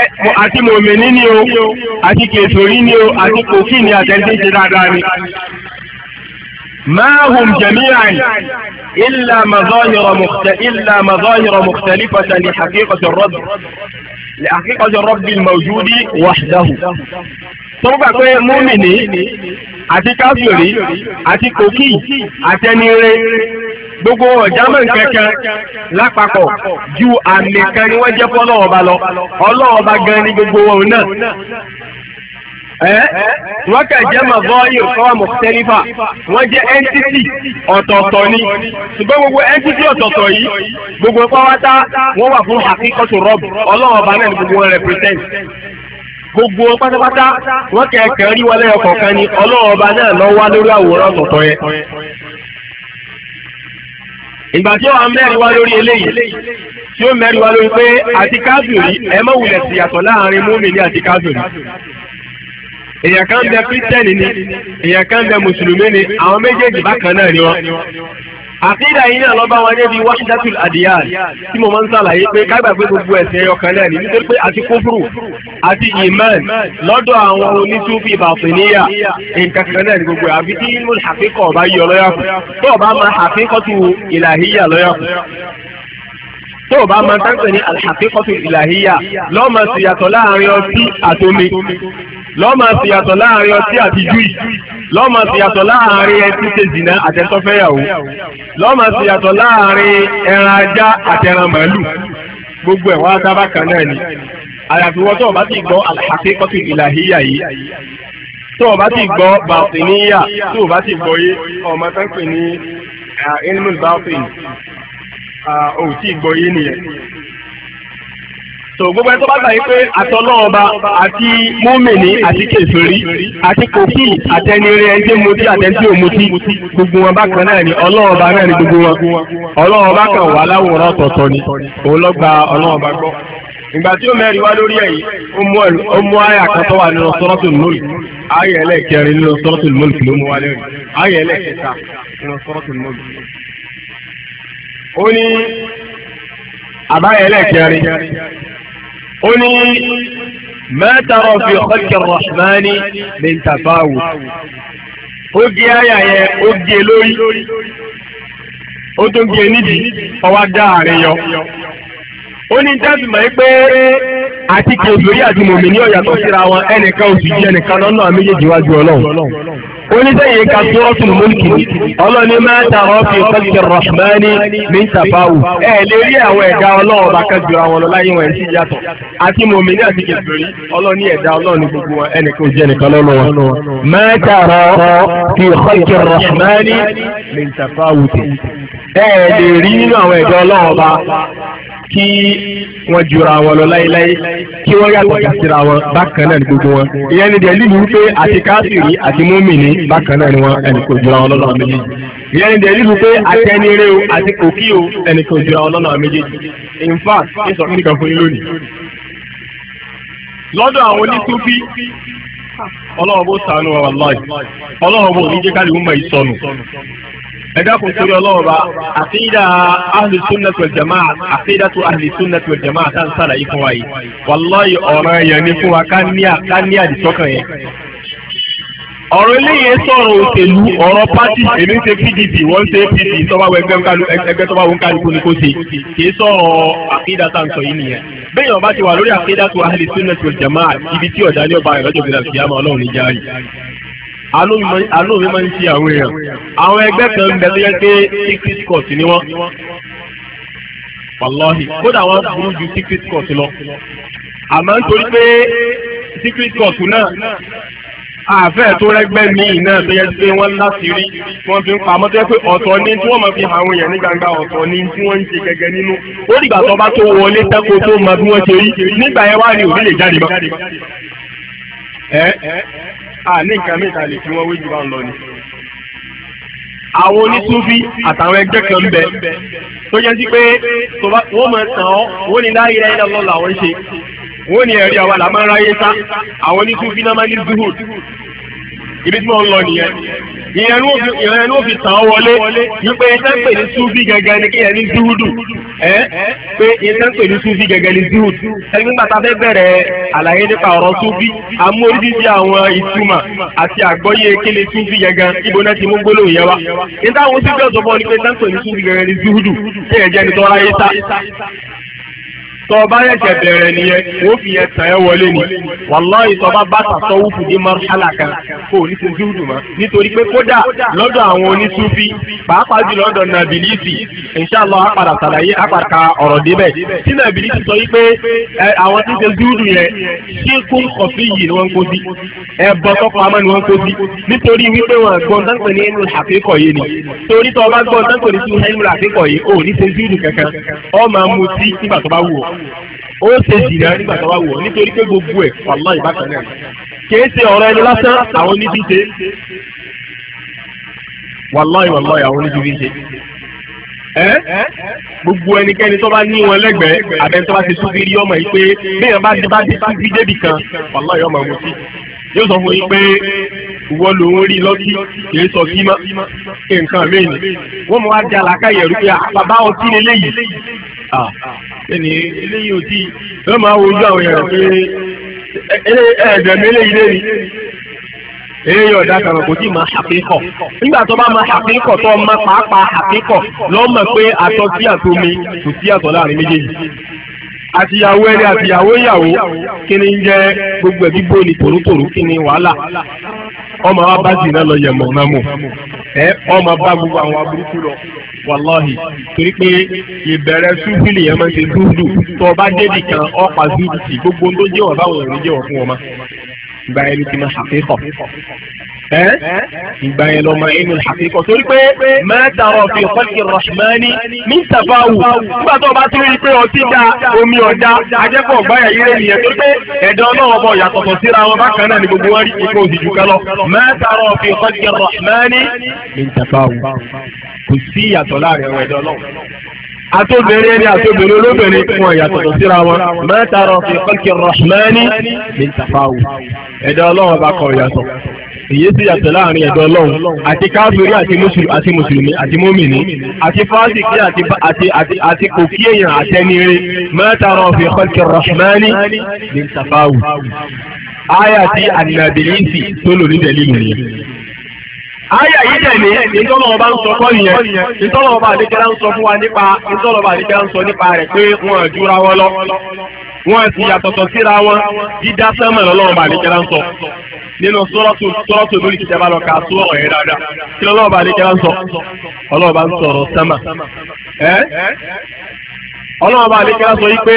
S1: ẹ àti mòmìnì ni o àti kèsòrí ni o àti kòkí ni àtẹ̀lé ṣe dáadáa ni. ما هم جميعا إلا مظاهر مخت... إلا مظاهر مختلفة لحقيقة الرب لحقيقة الرب الموجود وحده tó gbà pé múmìnì àti káfíòrí àti kòkí àtẹnire gbogbo ọ̀jámọ̀ nkankan lápapọ̀ ju àmì kan ni wọ́n jẹ́ fọ́lọ́ọ̀ba lọ ọlọ́ọ̀ba gan ni gbogbo wọn náà
S2: wọ́n kà jẹ́ mọ̀gọ́yìn kọ́wà mọ̀tẹ́lífà wọ́n jẹ́ ẹ́ńtítì ọ̀tọ̀ọ̀tọ̀ ni ṣùgbọ́n gbogbo ẹ́ńtítì ọ̀tọ̀ọ̀tọ̀ yìí gbogbo pátá wọ́n wà fún àkíkọ́tù rọ́ọ̀bù ọlọ́run ọba náà ni gbogbo wọn rẹpírẹ́tẹ́ǹtì
S1: gbogbo pátápátá wọ́n kẹ̀kẹ́ rí wọlé ọkọ̀ kan ni ọlọ́run ọba náà lọ lórí àwòrán ọ̀tọ̀ọ̀tọ̀ yẹn ìgbà tí wọ́n mẹ́rin wá lórí eléyìí tí ó mẹ́rin wá lórí pé àti káfíìrì ẹ má wulẹ̀ sí yàtọ̀ láàrin múmìnì àti káfíìrì èèyàn kan bẹ kírísítẹ́nì ni èèyàn kan bẹ mùsùlùmí ni àwọn méjèèjì bákan náà ni wọ́n àkídà yìí náà lọ́ba wọn níbi wákìtàtù àdìyàn tí mo máa ń sàlàyé pé kágbà pé gbogbo ẹ̀sẹ̀ ọkàn náà ní nítorí pé àti kófúrù àti ìmán lọ́dọ̀ àwọn onítúbí bàtìníyà nǹkan kan náà ní gbogbo ẹ̀ àfi tí mo hàkíkọ̀ ọba yọ lọ́yàkù tó ọba máa hàkíkọ̀tù ìlàhíyà lọ́yàkù tó o máa tán pè ní ìlàhíyà lọ́ọ́ lọ́mọ sì yàtọ̀ láàrin ọtí àti júì lọ́mọ sì yàtọ̀ láàrin ẹtí ṣe zìnà àtẹ̀tọ́fẹ́yàwó lọ́mọ sì yàtọ̀ láàrin ẹran ajá àtẹran màálù gbogbo ẹ̀ wá dábàá kan náà ni àyàfi wọ́n tó o bá ti gbọ́ àlàkàtì kọ́tù ìlàhíyà yìí tó o bá ti gbọ́ bàtìníyà tó o bá ti gbọ́ yé ọmọ tó ń pè ní ẹnimú ah, bàtìní ah, ò tí ì gbọ́ yé nìyẹn. so gbogbo ẹni tó bá gbà yí pé àtọ́lọ́ọba àti ati àti kèfèrí àti kòkí àtẹnirí ẹni mutí gbogbo wọn bákan náà ni gbogbo wọn ọlọ́ọba kan wà láwòrán ọ̀tọ̀ọ̀tọ̀ ni òun lọ gba ọlọ́ọba gbọ́ ìgbà tí ó mẹ́rin wá lórí ẹ̀yìn ó mú àyà kan tó wà nínú ẹlẹ́ẹ̀kẹrin nínú ló mú wá ó ما ترى في ọ̀kẹ́ rọ̀ṣmánì ní tàfáwù ó gé àyà yẹn ó gé e lórí ó tún gé e nídìí ọwá dá àárín yọ ó ní dábì mọ̀ pé àti kèfèrí àti mòmìnì ọ̀yàtọ̀ síra wọn ẹnìkan oṣù yìí ẹnìkan lọ́nà méjèèjì wájú ọlọ́run oníṣẹ́yìn ka suratul mulki ọlọ́ni máa tààrọ́ fi kọ́sìkì rahmani min tafáwù ẹ lè rí àwọn ẹ̀dá ọlọ́run bá kájú àwọn ọlọ́láyé wọn sí yàtọ̀ àti mòmìnira àti kẹfìrí ọlọ́ni ẹ̀dá ọlọ́run gbogbo wọn ẹnìkan ò jẹ́ nìkan lọ́nà wọn. máa tààrọ́ fi kọ́sìkì rahmani min tafáwù tẹ̀ lè rí nínú àwọn ẹ̀dá ọlọ́run bá kí wọ́n jura wọn lọ láéláé kí wọ́n yàtọ̀ síra wọn bákan náà ní gbogbo wọn ìyẹn ni dẹ̀ lílu pé àti káfíìrì àti múmìnì bákan náà ni wọ́n ẹnì kò jura wọn lọ́nà méjèèjì ìyẹn ni dẹ̀ lílu pé àtẹniré o àti kòkí o ẹnì kò jura wọn lọ́nà méjèèjì in fact ìsọ̀ kí nìkan fún yín lónìí. lọ́dọ̀ àwọn onítúbí ọlọ́run bó sànù wa wàláì ọlọ́run bó ní ẹ̀dá kò sórí ọlọ́wọ́ bá àfíìdá ahlùsúnnà tó jẹ̀má àfíìdá tó ahlùsúnnà tó jẹ̀má àtà ń sàlàyé fún wa yìí wàláyé ọ̀rọ̀ yẹn ní fún wa ká ní àdìsọ́kàn yẹn. ọ̀rọ̀ eléyìí sọ̀rọ̀ òṣèlú ọ̀rọ̀ pátì èmi ń ṣe pdp wọ́n ń ṣe apc tọ́wáwọ̀ ẹgbẹ́ tọ́wáwọ̀ nkálukú ni kò ṣe kì í sọ̀rọ̀ àfíìdá tá à sọ yìí nìyẹn bẹ́ẹ̀ ọba ti wà lórí àfíìdá tó ahlùsúnnà tó jẹ̀má ibi tí ọ̀dà ní ọba rẹ̀ lọ́jọ́ alómi máa ń ṣe àwọn èèyàn àwọn ẹgbẹ́ kan ń bẹ tó yẹ pé secret court ni wọ́n wàláhì kódà wọ́n burú ju secret court lọ àmọ́ nítorí pé secret court náà àfẹ́ tó rẹ́gbẹ́ míì náà tó yẹ pé wọ́n láti rí wọ́n fi ń pamọ́ tó yẹ pé ọ̀tọ̀ ní tí wọ́n máa fi hàn àwọn èèyàn ní gbangba ọ̀tọ̀ ní tí wọ́n ń ṣe gẹ́gẹ́ nínú ó dìgbà tó bá tó wọlé tẹ́kọ̀ọ́ tó mọ bí wọ́n ṣe rí nígbà yẹn wá ní òbí lè jáde mọ́ àní nǹkan mẹ́ta lè fi wọ́n wé jù bá ń lọ ni. àwọn onítúfi àtàwọn ẹgbẹ́ kan bẹ tó jẹ́ sí pé wọ́n mọ̀ tán ọ́ wọ́n ní láyé láyé lọ́wọ́ làwọn ṣe wọ́n ní ẹ̀rí àwọn àlámọ́ ráyé sá
S2: àwọn onítúfi náà máa ní
S1: zuhud ibi tí wọ́n ń lọ nìyẹn ìyẹn ló fi tàn án wọlé wípé ìtẹ́pẹ̀ ní súfì gẹ́gẹ́ ni kéèyàn ní zúhùdù ẹ́ pé ìtẹ́pẹ̀ ní súfì gẹ́gẹ́ ni zúhùdù ẹni nígbà tá a fẹ́ bẹ̀rẹ̀ àlàyé nípa ọ̀rọ̀ súfì àmú oríṣiríṣi àwọn ìtumọ̀ àti àgbọ́yé kíni súfì gẹ́gẹ́ ibo náà ti mú gbólóhùn yẹn wá nítawọn síbí ọ̀sọ̀ fún ọ ní pé ní súfì gẹ́gẹ́ ni zúhùdù kéèyàn jẹ́ nítorí ayé sá tọba yẹsẹ bẹ̀rẹ̀ nìyẹn wọ́n fi yẹn tàn ẹ́ wọlé ni wàláyé tọba bá tàtọ́ wúfù dé mọ́ṣálà kan kó o ní ti zúdù mọ́ nítorí pé kódà lọ́dọ̀ àwọn onísúfí pàápàá jù lọ́dọ̀ nàbìlìsì inṣàlá apàdà sàlàyé apàdà ọ̀rọ̀ débẹ̀ tí nàbìlìsì sọ wípé àwọn tí ń ṣe zúdù yẹn ṣé kó ń kọ̀ sí yìí ni wọ́n ń kó sí ẹ̀bọ tó pamọ́ ni wọ́n ń kó sí nítorí wípé wọn gbọ́n tán ní ẹnu àfikọ̀ yìí ni torí tọ́ ọba gbọ́n ní ẹnu àfikọ̀ yìí ò ní ṣe zúdù kankan ọ ó ṣe jìnnà nígbà tó bá wù ọ́ nítorí pé gbogbo ẹ̀ wàlá ìbákan náà kìí ṣe ọ̀rọ̀ ẹni lásán àwọn oníbi ṣe wàláì wàláì àwọn oníbi ṣe ẹ gbogbo ẹnikẹ́ni tó bá ní wọn lẹ́gbẹ̀ẹ́ àbẹ́ni tó bá ti tún kiri ọmọ yìí pé bẹ́ẹ̀ bá ti bá ti tún kiri débi kan wàláì ọmọ ọmọ sí yóò sọ fún yín pé ìwọ lòún rí lọ́sí kìí sọ sí mọ́ nǹkan míì ni wọ́n mú wá di àlàkáyẹ̀ rú pé ah, bàbá wọn kí ni eléyìí ẹni eléyìí ò tí wọ́n máa wojú àwọn èèyàn pé ẹ̀ẹ́dẹ̀mí eléyìí lé ní èyí ọ̀dà kankan kò tí ma àfikọ̀ nígbà tó bá ma àfikọ̀ tó ma pàápàá àfikọ̀ lọ́ mọ̀ pé atọ́ sí àtomi kò sí àtọ̀ láàrin méjèèjì àtìyàwó ẹni àtìyàwó ìyàwó kí ni ń jẹ gbogbo ẹbí bó ni tòrótòró kí ni wàhálà ọmọ abazi bá zina lọ yẹ mọ̀nàmù ẹ ọmọ bá gbogbo àwọn aburúkú lọ wàláhì torí pé ìbẹ̀rẹ̀ súfìlì yẹn máa ń ṣe dúdú tó o bá débì kan ọ̀pá dúdú gbogbo ohun tó jẹ́wọ̀ báwọn fún wọn ma gba ẹni tí ìgbà yẹn lọ́mọ inú ìṣàkíkọ̀ torí pé mẹ́ta ọ̀fìn kọ́lìkì rọ̀ṣùmẹ́ni ní ìtàfàwù nígbà tó o bá tún rí i pé ọtí da omi ọ̀dà ajẹ́pọ̀ ọ̀gbáyà yílẹ̀ nìyẹn torí pé ẹ̀dá ọlọ́wọ́ bọ̀ yàtọ̀tọ̀ síra wọn bákan náà ni gbogbo wọn rí ipò òsì jù kálọ̀ mẹ́ta ọ̀fìn kọ́lìkì rọ̀ṣùmẹ́ni ní ìtàfàwù kò sí ìyàtọ̀ láàrin ẹ̀wọ̀ ẹ̀dá ọlọ́wọ́ atobìnrin ni atobìnrin olóbìnrin fún ọ síra wọn mẹ́ta ọ̀fìn kọ́lìkì rọ̀ṣùmẹ́ni ní ìtàfàwù ẹ̀dá ọlọ́wọ́ bá kọ̀ yàtọ̀ ìyẹn sì yàtọ̀ láàrin ẹ̀dọ́ ọlọ́run àti káfíìrì àti mùsùlùmí àti mọ́mìnì àti fásitì àti àti àti kò kí èèyàn àtẹnire mẹ́ta rọ̀ fi khalqi rahmani ní sàfáwù. Aya ti ànàbìlìsì tó lò ní dẹ̀lílù nìyẹn. Aya yìí tẹ̀lé ìtọ́nà ọba ń sọ fún yẹn. Ìtọ́nà ọba àdékẹ́lá ń sọ fún wa nípa ìtọ́nà ọba àdékẹ́lá ń sọ nípa rẹ̀ pé wọ́n jura wọn ti yàtọ̀tọ̀ síra wọn dídá sẹ́mọ̀ lọ́lọ́run bá àlejò ń sọ nínú sọ́rọ́tù sọ́rọ́tù lórí bá lọ ka sọ́rọ̀ yẹn dáadáa kí lọ́lọ́run bá àlejò ń sọ
S2: ọlọ́run bá ń sọ̀rọ̀ sẹ́mọ̀ ẹ́
S1: bá àlejò sọ yìí pé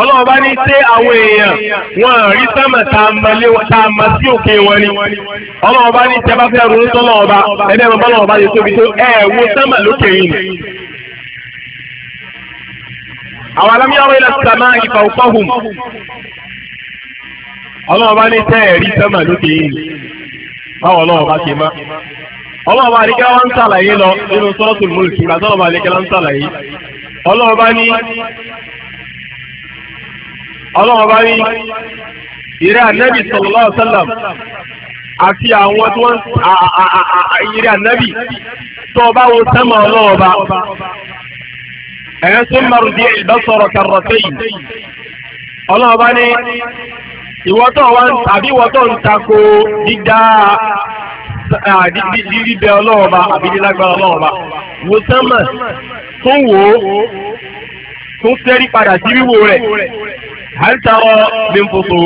S1: ọlọ́run ní ṣé àwọn èèyàn wọn rí sẹ́mẹ̀ tá a mọ sí òkè wọn ni ní ṣe bá fẹ́ ronú tọ́lọ́ ọba ẹ̀rọ bọ́lọ́ ọba tóbi tó ẹ̀ wo sẹ́mẹ̀ lókè yìí àwọn ilẹ̀ sàmá ìfà ní rí lókè yìí báwọn má ń lọ nínú mọ́lùkì ọlọ́run bá rí ìrẹ́ ànẹ́bì sallallahu alaihi wasallam àti àwọn tí wọ́n ìrẹ́ ànẹ́bì tó bá wo sẹ́mọ̀ ọlọ́run bá ẹ̀yẹ́ tó mẹ́rù di ìbẹ́sọ̀rọ̀ kẹrọ̀tẹ́ yìí ọlọ́run bá ní ìwọ́tọ̀ wa tàbí ìwọ́tọ̀ ń tako dídá dídíbẹ̀ ọlọ́run bá àbí dídágbára ọlọ́run bá wo sẹ́mọ̀ tó wò ó tó sẹ́rí padà sí wíwò rẹ̀ halitawọ bimfoso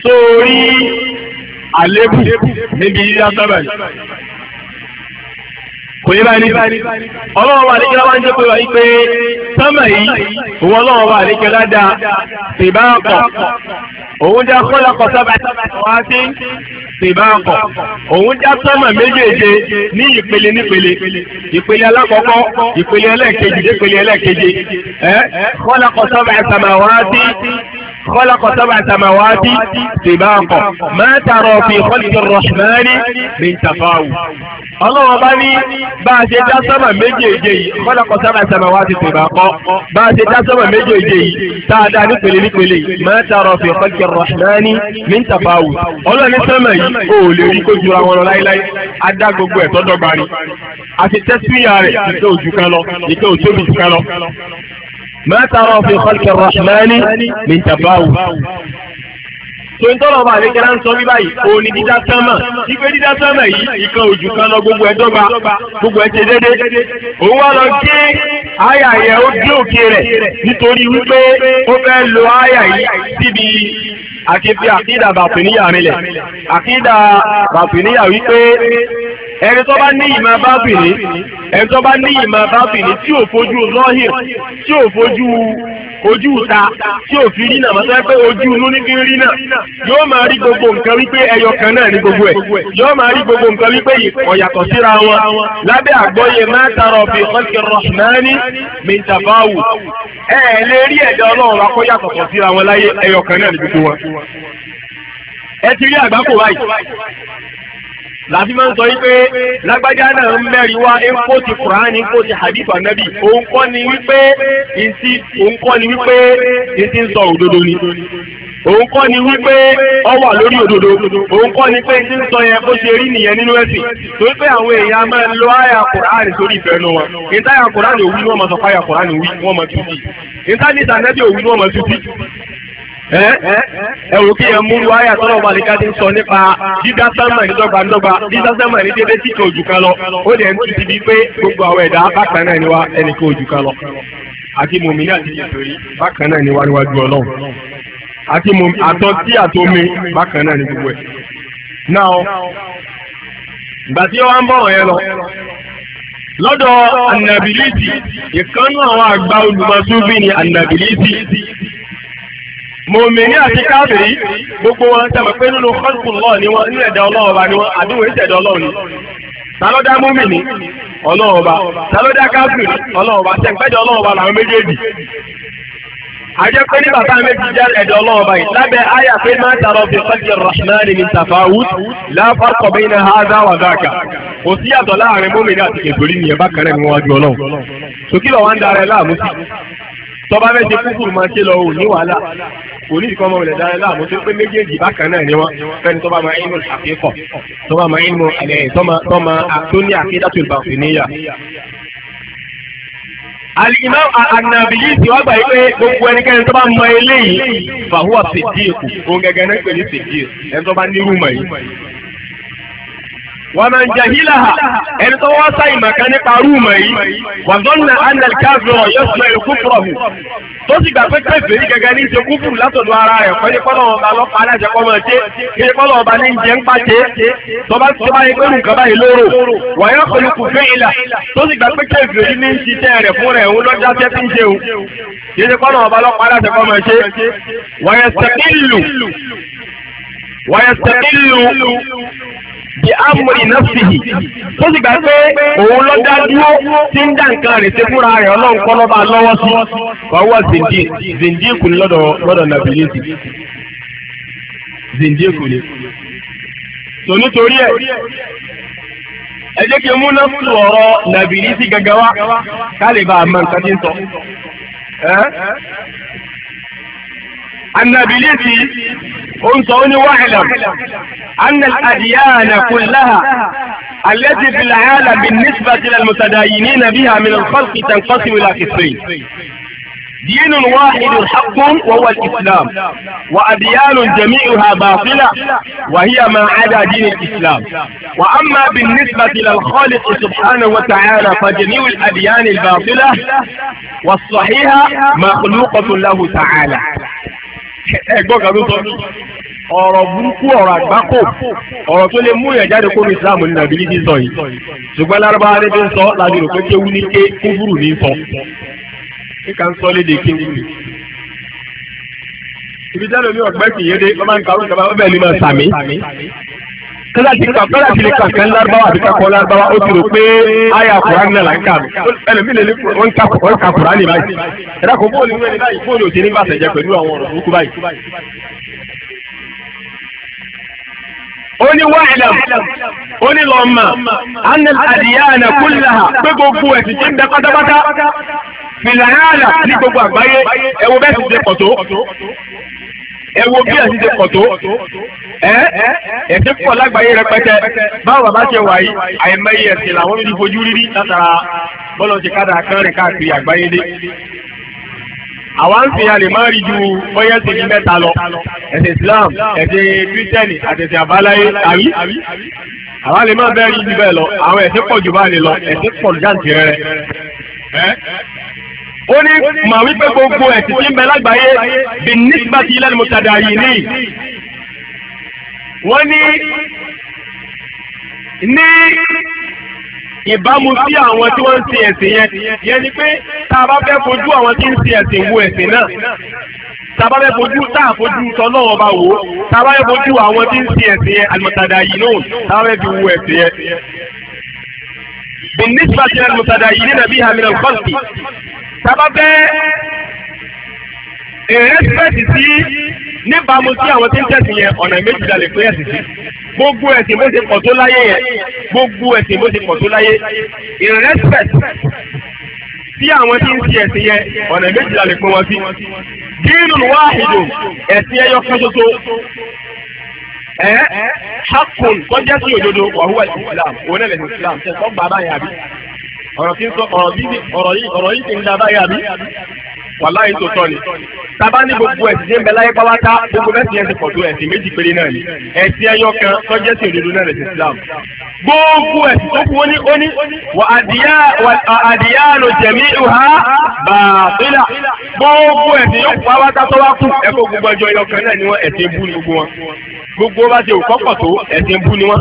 S1: sórí àlébù níbi yíyá sábà ní.
S2: kò yé báyìí ọlọ́run wa àdékẹ́lá wá ń jẹ́ pé wáyé pé sámà yìí òun ọlọ́run wa àdékẹ́lá da
S1: tìbá ọkọ̀ òun dá kọ́lá kọ́ sábà wá sí sibakọ̀ òun dá sánmà méjèèje ní ìpele nípele ìpele alákọ̀ọ́kọ́ ìpele ẹlẹ́ẹ̀kejì ìpele ẹlẹ́ẹ̀keje ẹ́ kọ́lákọ̀ sábà ẹ̀ sàmà wá sí خلق سبع سماوات سباقا ما ترى في خلق الرحمن من تفاوت الله بني بعد جسم مجيجي خلق سبع سماوات سباقا بعد جسم مجيجي تعدى نقلي نقلي ما ترى في خلق الرحمن من تفاوت الله نسمي او لري كجرا ولا لاي لاي ادا غوغو اتو دوغاري àti tẹ́síyà rẹ̀ ìkẹ́ òjù kan lọ ìkẹ́ ما ترى في خلق الرحمن من تفاوت tó ń tọ́lọ̀ bá àlejò náà ń sọ bí báyìí òun ni dídá sánmà ìgbé dídá sánmà yìí ìkan òjò kan lọ gbogbo ẹ dọ́gba gbogbo ẹ ṣe déédéé òun wá lọ gé àyà yẹ ó gé òkè rẹ̀ nítorí wípé ó fẹ́ lo àyà yìí síbi
S2: àti fi àkídà bàtìníyà rinlẹ̀
S1: àkídà bàtìníyà wípé ẹni tó bá ní ìmọ̀ bábìnrin ẹni tó bá ní ìmọ̀ bábìnrin tí ò fojú lọ́hìn tí ò fojú ojú ta tí ò fi rí náà mọ́tò ẹ pé ojú inú ní kí ń rí náà yóò máa rí gbogbo nǹkan wípé ẹyọ kan náà ní gbogbo ẹ̀ yóò máa rí gbogbo nǹkan wípé ọ̀yàtọ̀ síra wọn lábẹ́ àgbọ́yé má tara fi khalqi rahmani min ẹ ẹ lè rí ẹ̀dá ọlọ́run
S2: akọ́yàtọ̀tọ̀
S1: láti máa ń sọ wípé lágbájá náà ń mẹ́rin wá epo ti kùránì kó ti hadith anabi òun kọ́ ni wípé ìsì òun kọ́ ni wípé ìsì ń sọ òdodo ni òun kọ́ ni wípé ó wà lórí òdodo òun kọ́ ni pé ìsì ń sọ yẹn bó ṣe rí nìyẹn nínú ẹ̀sìn torí pé àwọn èèyàn máa ń lo àyà kùránì sórí ìfẹ́ nu wọn ìta àyà kùránì òwú ni wọ́n máa sọ fún àyà kùránì wí wọ́n máa tutù ìta níta anabi òwú ni wọ́n máa tutù ẹ̀wò kí ẹ múlu ayé àtọ́nà ọba àlìkádé ń sọ nípa dídá sánmà ní dọ́gba dọ́gba dídá sánmà ní dédé tí kò jù kan lọ ó lè ń tu ti bí pé gbogbo àwọn ẹ̀dá bákan náà ni wá ẹnì kò jù kan lọ àti mòmìnira àti ìtòrí bákan náà ni wá níwájú ọlọ́run àti àtọ́ sí àtọ́mi bákan náà ni gbogbo ẹ̀. náà ìgbà tí wọ́n á ń yẹn lọ lọ́dọ̀ mòmìnì àti káàbìrì gbogbo wọn tẹmọ pé nínú khalqullah ni wọn nínú ẹ̀dá Ọlọ́run ọba ni wọn àdúgbò ìṣẹ̀dá Ọlọ́run ni talọdá mòmìnì Ọlọ́run ọba talọdá káàbìrì Ọlọ́run ọba tẹǹpẹjọ Ọlọ́run ọba làwọn méjèèjì àjẹ pé ní bàbá méjì jẹ ẹ̀dá Ọlọ́run ọba yìí lábẹ́ àyà pé máa tààrọ fi kọjú rahman min tafawut la farqa bayna hadha wa dhaka kò ní ìkọ́ ọmọ ilẹ̀ dára láàmú tó pé méjèèjì bákan náà ni wọ́n fẹ́ni tó bá máa inú àkíkọ̀ tó bá máa inú ẹ̀lẹ́yìn tó máa tó ní àkídàtò ìbàkú níyà. Àlìmọ́ ànàbìyí tí wọ́n gbà yí pé gbogbo ẹnikẹ́ni tó bá mọ eléyìí fàhùwà fìdí èkó òun gẹ́gẹ́ náà pè ní fìdí èkó ẹni tó bá nírú mọ̀ yìí. ومن جهلها ان تواصي مكان قارومي وظن ان الكافر يسمع كفره tó sì gbà pé kèfèrí gẹ́gẹ́ ní ṣe kúfùrù látọ̀dọ̀ ara rẹ̀ pé ní kọ́lọ̀ ọba lọ́pàá aláṣẹ kọ́ máa ṣe kí ní kọ́lọ̀ ọba ní jẹ́ ń pàṣẹ tọ́ba tó bá yẹ pé nǹkan báyìí lóró wàyà pẹ̀lú kùfẹ́ ìlà tó sì gbà pé kèfèrí ní ní bí amúri náà fi hì tó sì gbà pé òun lọ dá dúró tí ń dá nǹkan rẹ̀ ṣe fúnra rẹ̀ ọlọ́run kọ́ lọ́ba lọ́wọ́ sí wàhùwà zindi zindi kù ní lọ́dọ̀ lọ́dọ̀ nàbìlẹ́sì zindi kù ní. tò nítorí ẹ ẹ jẹ́ kí n múná fún ọ̀rọ̀ nàbìlẹ́sì gàgà wá ká lè bá a mọ nǹkan tí ń sọ. Annabilisi ó واعلم ان الاديان كلها التي في العالم بالنسبة للمتدينين بها من الخلق تنقسم الى nisbati دين واحد حق وهو الإسلام وأديان جميعها باطلة وهي ما عدا دين الإسلام وأما بالنسبة للخالق سبحانه وتعالى فجميع الأديان الباطلة والصحيحة مخلوقة له تعالى ẹ̀gbọ́n kan ló sọ ọ̀rọ̀ burúkú ọ̀rọ̀ àgbákò ọ̀rọ̀ tó lè mú ìyàjáde kó ní islam ní nàbí ní sọ yìí ṣùgbọ́n lárúbáwá ní bí ń sọ láti rò pé kéwú ní ké kúfúrú ní sọ kíkà ń sọ léde kéwú ni. ibi jáde ní ọ̀gbẹ́sì yé dé wọ́n máa ń kàwé ìjọba bẹ́ẹ̀ ni máa sàmì tọ́láti tọ́láti lè kàkẹ́ lárúbáwá àti kakọ́ lárúbáwá ó ti rò pé àyà kùránì náà là ń kà mí ẹlòmí lè ní wọ́n ka kùránì báyìí ẹ̀rọ kò bóòlù ń wẹ̀lẹ̀ báyìí bóòlù òjì ní bàtà jẹ pẹ̀lú àwọn ọ̀rọ̀ burúkú báyìí.
S2: ó ní wá ìlẹ̀ ó ní lọ́mà adiyana kullaha pé gbogbo ẹ̀sìn tí ń bẹ pátápátá
S1: fìlà ní gbogbo àgbáyé ẹ̀wọ̀n bẹ́ẹ̀ sì ẹ wo bí ẹ̀sìn ti pọ̀ tó ẹ ẹ̀sìn pọ̀ lágbàáyé rẹpẹtẹ báwo bàbá ṣe wà yìí àìmọye ẹ̀sìn làwọn ti fojú rírí látara bọ́lọ̀ ti kádà kánrin káàkiri àgbáyé dé àwọn ń fìyà lè má rí ju fọyẹ́sì ní mẹ́ta lọ ẹ̀sìn Islam ẹ̀sìn kírísítẹ́nì àtẹ̀sìn àbáláyé àrí àwọn lè má bẹ́ẹ̀ rí ju bẹ́ẹ̀ lọ àwọn ẹ̀sìn pọ̀ jù bá lè lọ ẹ̀sìn pọ̀ jáǹtì rẹ̀ ó ní màá wípé gbogbo ẹ̀sìn tí ń bẹ lágbàáyé bí nígbà tí ilé mùtàdà yìí ní. wọ́n ní ní ìbámu sí àwọn tí wọ́n ń sin ẹ̀sìn yẹn yẹn ni pé tá a bá fẹ́ fojú àwọn tí ń sin ẹ̀sìn wo ẹ̀sìn náà tàbá fẹ́ fojú táà fojú tọ́lọ́wọ́ bá wò ó tàbá fẹ́ fojú àwọn tí ń sin ẹ̀sìn yẹn àlùmọ̀tàdà yìí náà tàbá fẹ́ fi wo ẹ̀sìn yẹn. بالنسبة إلى المتدينين بها من الخلق sábà fẹ́ ìrẹ́sìpẹ́sì sí níbàámu sí àwọn tí ń tẹ̀sí yẹn ọ̀nà méjì la lè pín ẹ̀sìn sí gbogbo ẹ̀sìn bó ṣe pọ̀ tó láyé yẹn gbogbo ẹ̀sìn bó ṣe pọ̀ tó láyé
S2: ìrẹ́sìpẹ́sì
S1: sí àwọn tí ń ṣe ẹ̀sìn yẹn ọ̀nà méjì la lè pín wọn sí dínú wáhìdù ẹ̀sìn ẹyọ kan ṣoṣo ẹ̀ hakùn tọ́jà sí òdodo wàhùwà ìsìlám òun náà lè ní ìsìlám tẹ̀sán bàbá yàrá ọ̀rọ̀ kí n sọ ọ̀rọ̀ bí ọ̀rọ̀ yìí ọ̀rọ̀ yìí ti ń da báyà bí wàláyé tó tọ́ ni. tábà ní gbogbo ẹ̀sìn yẹn bẹ láyé pátá gbogbo bẹ́sìn yẹn ti pọ̀ tó ẹ̀sìn méjì péré náà ni ẹ̀sìn ẹyọ kan tọ́jẹ́ sí òdodo náà lẹ́sìn Islam. gbogbo ẹ̀sìn tó kù ó ní ó ní wà àdìyá ló jẹ̀mí ìhà bàtílà gbogbo ẹ̀sìn yóò pa wá tátọ́ wá kù ẹ̀kọ́ gbogbo ẹjọ́ ẹyọ kan náà ni wọ́n ẹ̀sìn bú ni gbogbo wọn gbogbo bá ṣe òkọ́kọ̀ tó ẹ̀sìn bú ni wọ́n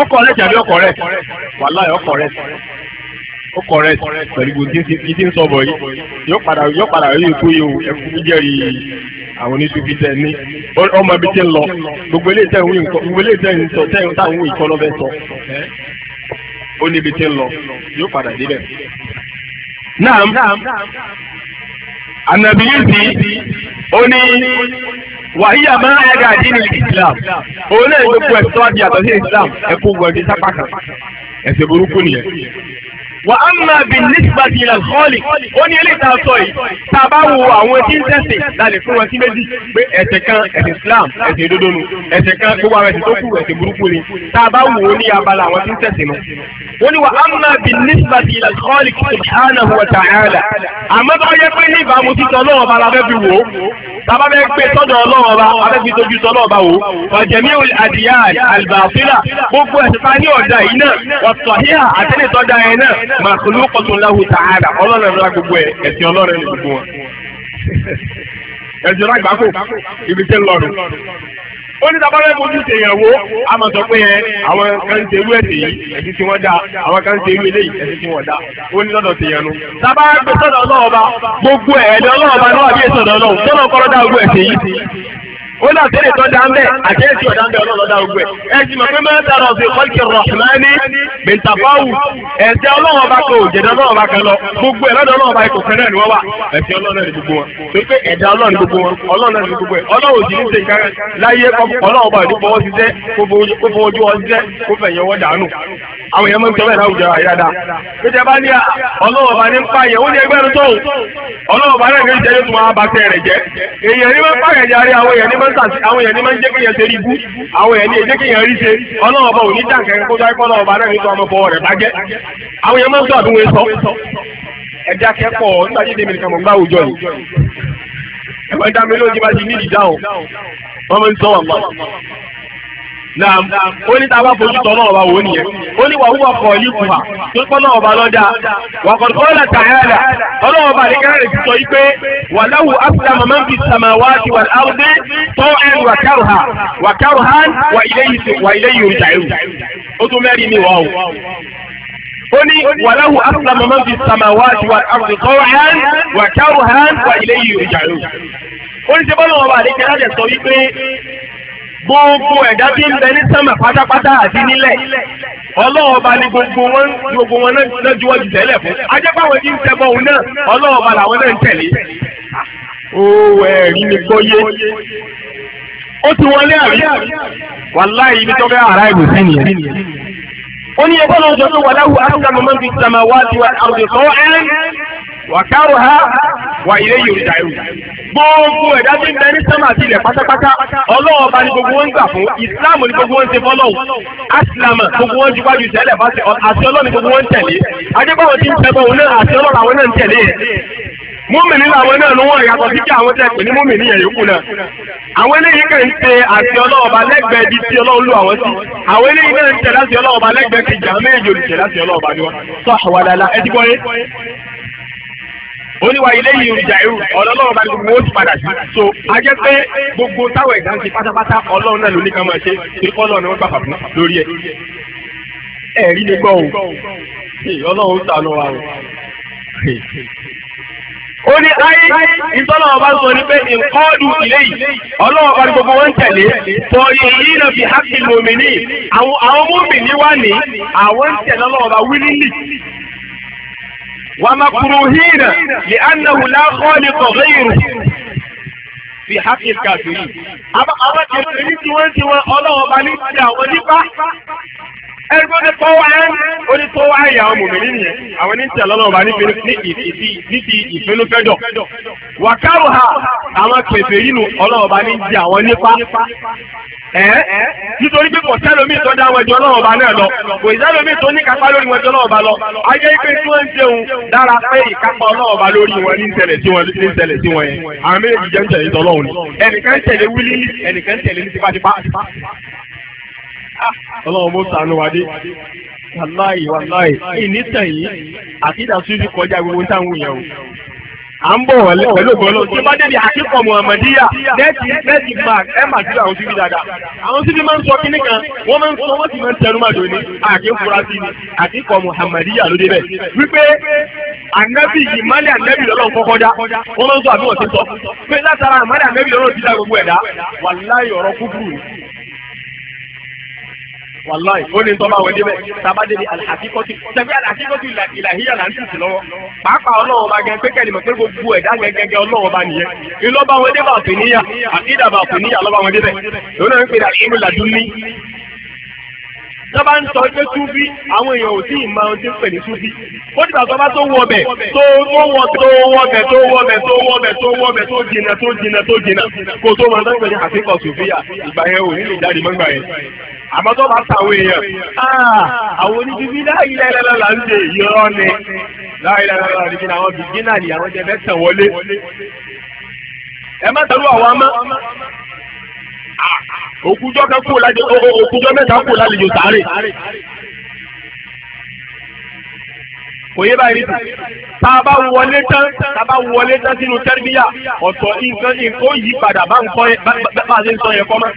S1: ọkọ̀ rẹ̀ tàbí ọkọ̀ rẹ̀ wàláyé ọkọ̀ rẹ̀ ó correct pẹ̀lú gbogbo gidi ń sọ̀bọ̀ yìí yóò padà yóò padà yóò kú yìí o ẹ̀kú jẹ́rìí àwọn oníṣubí tẹ̀ ní ọmọ ibi tí ń lọ gbogbo eléyìí tẹ̀ ń wí nǹkan gbogbo eléyìí tẹ̀ ń sọ tẹ̀ ń táwọn wí nǹkan lọ́fẹ́ sọ ó níbi tí ń lọ yóò padà débẹ̀. naam anabiyisi ó ní wàhíyà máa ń yàgà dín ní islam òun náà yóò kú ẹ̀sọ́ àti àtọ̀sí islam ẹ̀kú gbọ̀ngàn sápá kan ẹ̀sẹ̀ burúkú nìyẹn wà á máa bí nígbàdì ìlànà họ́ọ̀lì ó ní eléyìí tá a sọ yìí tá a bá wo àwọn tí ń tẹ̀sẹ̀ lálẹ́ fún wọn sí méjì pé ẹ̀sẹ̀ kan ẹ̀sẹ̀ Islam ẹ̀sẹ̀ òdodo nu ẹ̀sẹ̀ kan gbogbo àwọn ẹ̀sẹ̀ tó kù ẹ̀sẹ̀ burúkú ni tá a bá wo ó ní abala àwọn tí ń tẹ̀sẹ̀ nu. ó ní wà á máa bí nígbàdì ìlànà họ́ọ̀lì subhanahu wa ta'ala àmọ́ bá yẹ pé ní ìbámu títọ́ náà ọba la fẹ́ fi gbé sọ́dọ̀ ọlọ́run ọba abẹ́fi tójú sọ́dọ̀ ọba wò ó ọ̀jẹ̀mí àdìyà àlùbáfíà gbogbo ẹ̀sìn ta ní ọ̀dà yìí náà ọ̀tọ̀ híhà àtẹ́lẹ̀tọ́jà yẹn náà makhluqatun lahu ta'ala ọlọ́run ẹ̀rọ gbogbo ẹ̀ ẹ̀sìn ọlọ́run ẹ̀rọ gbogbo wọn. ẹ̀sìn ọlọ́run àgbákò
S2: ibi tẹ́ lọ́rùn.
S1: ó ní tabalẹ̀ mojú ṣe yẹn wo a máa gbogbo ó dà sẹ́ni tó dá ń bẹ̀ àti ẹ̀sì ọ̀dá ń bẹ̀ ọlọ́run dá ogun ẹ̀. ẹ̀sì mọ̀ pé mẹ́ta rọ̀ sí kọ́lìkì rọ̀hìnmáni bẹ̀ntàfáwù ẹ̀sẹ̀ ọlọ́run ọba kan òjẹ̀dá ọlọ́run ọba kan lọ gbogbo ẹ̀ lọ́dọ̀ ọlọ́run ọba ikọ̀ kan náà ni wọ́n wà ẹ̀sẹ̀ ọlọ́run ni gbogbo wọn tó pé ẹ̀dá ọlọ́run ni gbogbo wọn ọlọ́run ni gbogbo ẹ̀ ọlọ́run sì ní ṣe nǹkan láyé ọlọ́run ọba ìdúpọ̀ wọn ṣiṣẹ́ kó fọ ojú wọn ṣiṣẹ́ kó fẹ̀yẹ̀ wọn dànù àwọn èèyàn máa ń sọ bẹ́ẹ̀ láwùjọ àyàdá pé tẹ bá ní ọlọ́run ọba ní ń pààyàn ó ní ẹgbẹ́rún tóun
S2: ọlọ́run ọba náà ní ìjẹ́jọ́ tó máa bá
S1: tẹ̀ rẹ̀ jẹ́ èèyàn ní wọ́n pààyàn jàre àwọn èèyàn ní máa ń sàṣì àwọn èèyàn ní máa ń jẹ́ kéèyàn ṣe rí ibú àwọn èèyàn ní èjẹ́ kéèyàn rí ṣe ọlọ́run ọba ò ní kó dáa kọ́ ọlọ́run ọba náà nítorí ọmọ rẹ̀ àwọn èèyàn máa ń sọ sọ akẹ́kọ̀ọ́ nígbà tí nìkan mọ̀ àwùjọ yìí dá mi lójú bá ti ní ìdí dáhùn wọ́n máa
S2: ń náà ó ní tá a bá fojú tọ́ náà ọba wò ó nìyẹn ó ní wàhùn ọkọ̀ yìí kù hà tó pọ́ náà ọba lọ́dà wàkọ̀tọ́lá
S1: tàyàlà ọlọ́wọ́ ọba àdékẹ́rẹ́ rẹ̀ ti sọ yìí pé wàláwù áfíríkà máa ń fi sàmáwá ti wà láwùdé tó ẹ̀ wàkàrùhà wàkàrùhà wà ilé yìí rìjà ẹ̀rù ó tún mẹ́rin ní wàhùn ó ní wàláhù aslama man fi samawati wal ardi taw'an wa karhan wa ilayhi yurja'un ó ní ṣe bọ́lá wọn bá àdékẹ́rẹ́ rẹ̀ sọ wípé gbogbo ẹ̀dá tí ń bẹ ní pátápátá àti nílẹ̀ ọlọ́ọ̀ba ni gbogbo wọn gbogbo wọn náà juwọ́ ju tẹ́lẹ̀ fún ajẹ́páwọn tí ń tẹ́ bọ́ọ̀hún náà ọlọ́ọ̀ba làwọn náà ń tẹ̀lé.
S2: ẹ̀rí ni kò yé
S1: ó ti wọlé àrí ara ìlú sí nìyẹn. ó ní ẹgbẹ́ náà pé áfíríkà fi sàmà wá ẹ́ wà ha wà ilé yorùbá. gbogbo ẹ̀dá tí ń bẹ ní sẹ́mà àti ilẹ̀ pátápátá ọlọ́run ọba ni gbogbo wọn ń gbà fún ìsìláàmù ni gbogbo wọn ń ṣe fọlọ́hùn asìláàmù gbogbo wọn ti wájú ìṣẹ̀lẹ̀ àti ọlọ́run ni gbogbo wọn ń tẹ̀lé adébáwọ̀ ti ń tẹ̀bọ̀ òun náà àti ọlọ́run àwọn náà ń tẹ̀lé múmìnì làwọn náà ló wọ̀n yàtọ̀ sí kí àwọn tẹ̀ pé ní múmìnì yẹn yòókù náà. àwọn eléyìí kàn ń tẹ àti ọlọ́ọ̀ba lẹ́gbẹ̀ẹ́ ibi tí ọlọ́run lù àwọn sí. àwọn eléyìí náà ń tẹ láti ọlọ́ọ̀ba lẹ́gbẹ̀ẹ́ kejì àwọn méjèèjì olùtẹ̀ láti ọlọ́ọ̀ba ni wọ́n. sọ àwọn àlàlà ẹ ti gbọ́ yé
S2: oníwà ilé yìí ìjà irú
S1: ọlọ́lọ́wọ́ bá gbogbo ó ti padà sí. so a jẹ́ pé gbogbo táwọn ẹ̀dá ń ṣe pátápátá ọlọ́run náà ló ní ká máa ṣe torí kọ́ ọlọ́run ni wọ́n gbà fàbùn lórí ẹ̀. ẹ̀rí ni gbọ́ o ọlọ́run sànù wa o. ó ní ayé ìtọ́lọ́wọ́ bá sọ ní pé ìkọ́ọ̀dù ilé yìí ọlọ́wọ́ bá gbogbo wọn tẹ̀lé tọ èyí náà fi hápì lómìnì àwọn mọ́mìnì wà ní àwọn ń tẹ̀lé ọlọ́wọ́ bá wílílì ومكروهين لأنه لا خالق غيره في حق الكافرين أما أما كافرين وانت والله وبالك يا وليبا ẹgbẹ́ ní tọ́wáyán ó ní tọ́wáyán yà ọmọ mi nìyẹn àwọn ní tí ọlọ́run bá níbi níbi ìfẹ́nufẹ́dọ̀ wàkàrọ̀ ha àwọn kẹfẹ́ yìí nù ọlọ́run bá ní jẹ àwọn nípa ẹ́ nítorí pé kò sẹ́lómi tó dá àwọn ẹjọ́ lọ́wọ́ ọba náà lọ kò sẹ́lómi tó ní kápá lórí wọn ẹjọ́ lọ́wọ́ ọba lọ ayé pé tí wọ́n ń jẹun dára pé ìkápá ọlọ́wọ́ ọba lórí wọn ní ìṣẹ̀lẹ̀ tí wọ́n ní ìṣẹ̀lẹ̀ tí wọ́n yẹn àwọn méjèèjì jẹ́ ń tẹ̀lé tọ́lọ́hún ni ẹnìkan ń tẹ̀lé wílí ẹnìkan ń tẹ̀lé ní tipátipá ọlọ́run mọ́ sànú wa dé wàláì wàláì ìní tẹ̀yìn àti ìdásúfì kọjá gbogbo táwọn èèyàn o à ń bọ̀ wọlé pẹ̀lú ògbọ́lọ́ tí bá débi àkíkọ̀ mọ̀ọ́mọ̀díyà nẹ́ẹ̀tì nẹ́ẹ̀tì mark ẹ̀ máa ti àwọn síbi dáadáa àwọn síbi máa ń sọ kínní kan wọ́n máa ń sọ wọ́n sì máa ń tẹnu máa dòní àkíkúrasí ni àkíkọ̀ mọ̀ọ́mọ̀díyà ló débẹ̀ wípé ànábì yìí mọ́lẹ̀ ànábì lọ́lọ́run kọ́kọ́ dá wọ́n máa ń sọ àbí wọ́n ti sọ pé látara àmọ́lẹ̀ ànábì lọ́lọ́run ti dá gbogbo ẹ̀dá wàláyé wàláì ó ní tọ́ba wẹ̀ débẹ̀ sábà débi alhakikọ́tù tẹ̀fẹ́ alhakikọ́tù ìlàhíyà là ń tìsí lọ́wọ́ pàápàá ọlọ́run bá gẹ́gẹ́ kẹ́lì mọ̀ pé gbogbo ẹ̀dá gẹ́gẹ́ ọlọ́run bá nìyẹn ìlọ́ba wọn débà àpèníyà àkídàbà àpèníyà lọ́ba wọn débẹ̀ lónà ń pè tó bá ń sọ pé túbí àwọn èèyàn ò tí ì máa ti ń pè ní túbí ó dìgbà tó bá tó wọ ọbẹ̀ tó wọ tó wọ ọbẹ̀ tó wọ ọbẹ̀ tó wọ ọbẹ̀ tó wọ ọbẹ̀ tó jìnà tó jìnà tó jìnà kó tó máa dáńgbẹ̀ ní àfikọ̀ sòfíà ìgbà yẹn ò ní lè jáde mọ́gbà yẹn àmọ́ tó bá sàwọ́ èèyàn ah, àwọn oníbíbí láìláìláìlá ń ṣe ìrọ́ ni láìláìláìlá ní kí ni àwọn bìgínà ni àwọn jẹ fẹ́ tàn wọlé òkújọ́ kan kú lálejò òkújọ́ mẹ́ta kú lálejò sáré. kò yé báyìí nìyí tá a bá wọlé tán tá a bá wọlé tán sínú tẹ́rìbíyà ọ̀tọ̀ nǹkan nǹkan yí padà bá ń kọ́ yẹn bá a ṣe ń sọ yẹn kọ́ mọ́.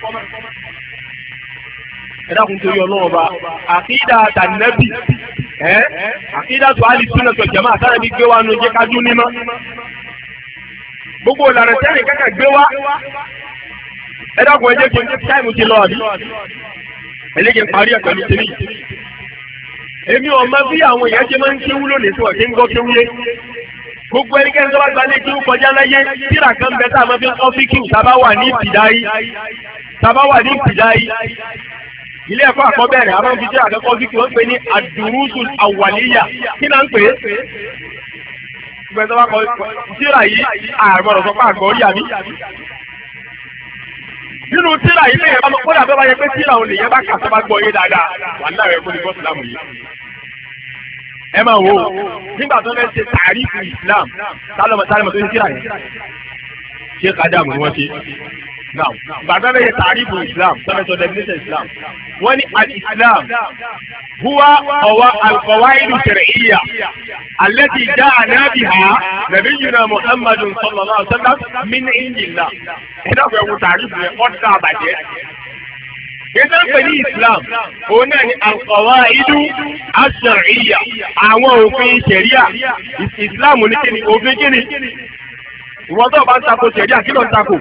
S1: ẹ dákun torí ọlọ́wọ́ bá àkídà tànẹ́bì ẹ́ àkídà tó àlì túnà tó jẹ̀mọ́ àtàrẹ́bí gbé wa nu jẹ́ kájú nímọ́. gbogbo ìlànà tẹ́rì kẹ́kẹ́ gbé wa ẹ dákun ẹ jẹ́ kí táìmù ti lọ àbí ẹlẹ́jẹ̀ ń parí ẹ̀ pẹ̀lú tèmi. èmi ò mọ bí àwọn èèyàn ṣe máa ń kéwú lónìí tí wọ́n ti ń gbọ́ kéwú yé. gbogbo ẹnikẹ́ni tó bá gba ilé kéwú kọjá láyé tíra kan bẹ tá a máa fi ń kọ́ fíkìwù tábà wà ní ìpìdáyì tábà wà ní ìpìdáyì. ilé ẹ̀kọ́ àkọ́bẹ̀rẹ̀ àwọn fi tíra kan kọ́ fíkìwù wọ́n pè ní àdùrúsùn àwàlíyà kí náà ń pè é gbẹ̀dọ̀ wa kọ síra yìí àrùn ọ̀rọ̀ sọ nínú tíra yìí lèyìn ọmọ kódà bẹ́ẹ̀ bá yẹ pé tíra òun lèyìn bá kà sábà gbọ́ yé dáadáa wà ní àwọn ẹ̀kọ́ ní gọ́sìlámù yìí. ẹ máa wo nígbà tó fẹ́ ṣe tàrífù Islam sálọmọ sálọmọ tó ń tíra yẹn ṣé kájà mọ̀ ni ṣe islam gbàgbọ́ bẹ́ẹ̀ yẹ tààrífù islam sọ́dọ̀tọ̀ definition islam wọ́n ní al-islam huwa ọ̀wá al-qawaidu shar'iyya allati ja'a biha nabiyyuna muhammadun sallallahu alaihi wasallam min indillah ẹ̀dá ọ̀gbẹ́ wo tààrífù yẹn ọ̀dà àbàjẹ́ yẹtọ́ ń pè ní islam òun náà ni al-qawaidu ash-shar'iyya àwọn òfin ṣẹ̀ríà islam ní kíni òfin kíni ìwọ́n tó o bá ń tako ṣẹ̀ríà kí ló ń tako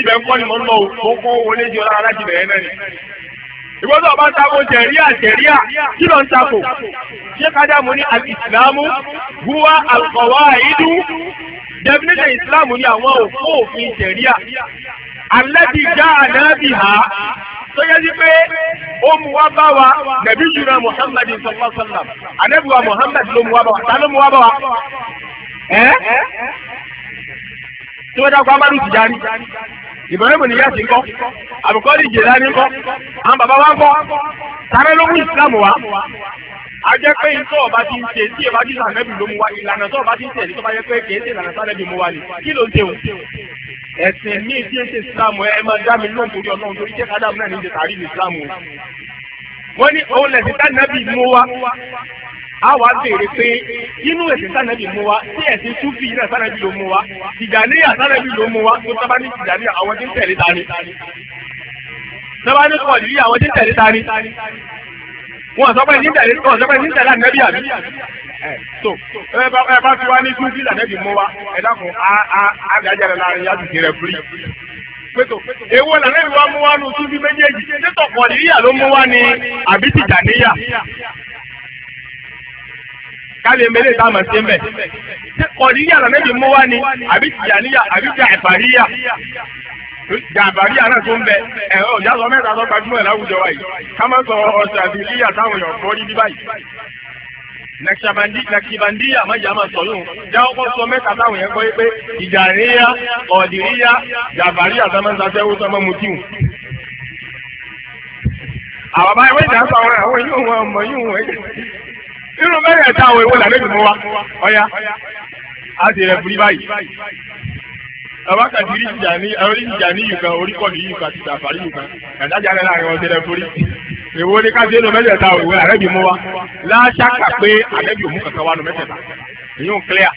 S1: ibẹ̀ kọ́ ni mo ń lọ mo kọ́ wọlé jọ lára láti bẹ̀rẹ̀ náà ni. ìgbọ́dọ̀ bá ń takò jẹ̀ríà jẹ̀ríà kí ló ń takò ṣé kájàmù ní alìsìlámù huwa alqawaidu definition ìsìlámù ni àwọn òfó òfin jẹ̀ríà alẹ́bí já ànábì ha tó yẹ sí pé ó mu wá bá wa nàbí jùlọ muhammadu sallallahu alaihi wa sallam ànábì wa muhammadu ló mu wá bá wa ta ló mu wá bá wa tí wọ́n dákọ̀ amadu Tijani ìbẹ̀rẹ̀ bò ní yẹ́sì ńkọ́ àbùkọ́lì Jilani ńkọ́
S2: àwọn bàbá wa ńkọ́ sáré ló mú Islam wa
S1: ajẹ́ pé ìtọ́ ọba ti ń ṣe tí ọba ti sànẹ́bì ló mú wa ìlànà tó ọba ti ń tẹ̀lé tó bá yẹ pé kèé ṣe ìlànà sànẹ́bì mú wa ni kí ló ń ṣe o ẹ̀sìn mi tí ń ṣe Islam ẹ máa dá mi lóhùn torí ọlọ́run torí jẹ́ kádàmù náà ní ìṣe tàrí ní Islam o wọ́n ní òun lẹ̀sìn tánàbì mú wa awa wá béèrè pé inú ẹ̀sìn sànẹ́bì mú wa tí ẹ̀sìn súfì náà sànẹ́bì ló mú wa tìjàníyà sànẹ́bì ló mú wa tó sábà ní ta ni
S2: sábà ní kọ̀ọ̀lì àwọn tí ń tẹ̀lé ni
S1: wọn sọ pé ní tẹ̀lé wọn sọ pé ní tẹ̀lé àbí so ẹ bá ẹ bá fi wá ní túbí mú wa ẹ dákun á á káàbí emele tá a mọ̀ sí ń bẹ̀. ṣé kọ̀díyà lọ́nẹ́bí mú wá ni àbí tìjàníyà àbí jàìfàríyà jàìfàríyà náà tó ń bẹ ẹ̀rọ ìyàsọ mẹ́ta tó gbajúmọ̀ ẹ̀ láwùjọ wa yìí ká má sọ ọ̀sẹ̀ àti ìlíyà táwọn èèyàn fọ́ yí báyìí. nàkìbàndíyà má jà máa sọ yóò já ọkọ sọ mẹ́ta táwọn èèyàn kọ́ yí pé ìjàníyà ọ̀dìríyà jàìfàríyà tá a máa ń sasẹ́wó tó máa mutí àwọn àwọn irú mẹ́rẹ̀ẹ̀ta àwọn èwo làlẹ́ ìgbìmọ̀ wa ọ̀ya á ti rẹ̀ fún yí báyìí àwákàtí oríṣìjà ní oríṣìjà ní yìí kan oríkọ̀ ní yìí kan ti tàfàrí yìí kan kàdájà rẹ̀ láàrin ọ̀sẹ̀ rẹ̀ forí èwo ni ká ṣe nu mẹ́tẹ̀ẹ̀ta òwe àrẹ́bí mú wa láṣàkà pé àrẹ́bí òmú kankan wa nu mẹ́tẹ̀ẹ̀ta èyí ń clear.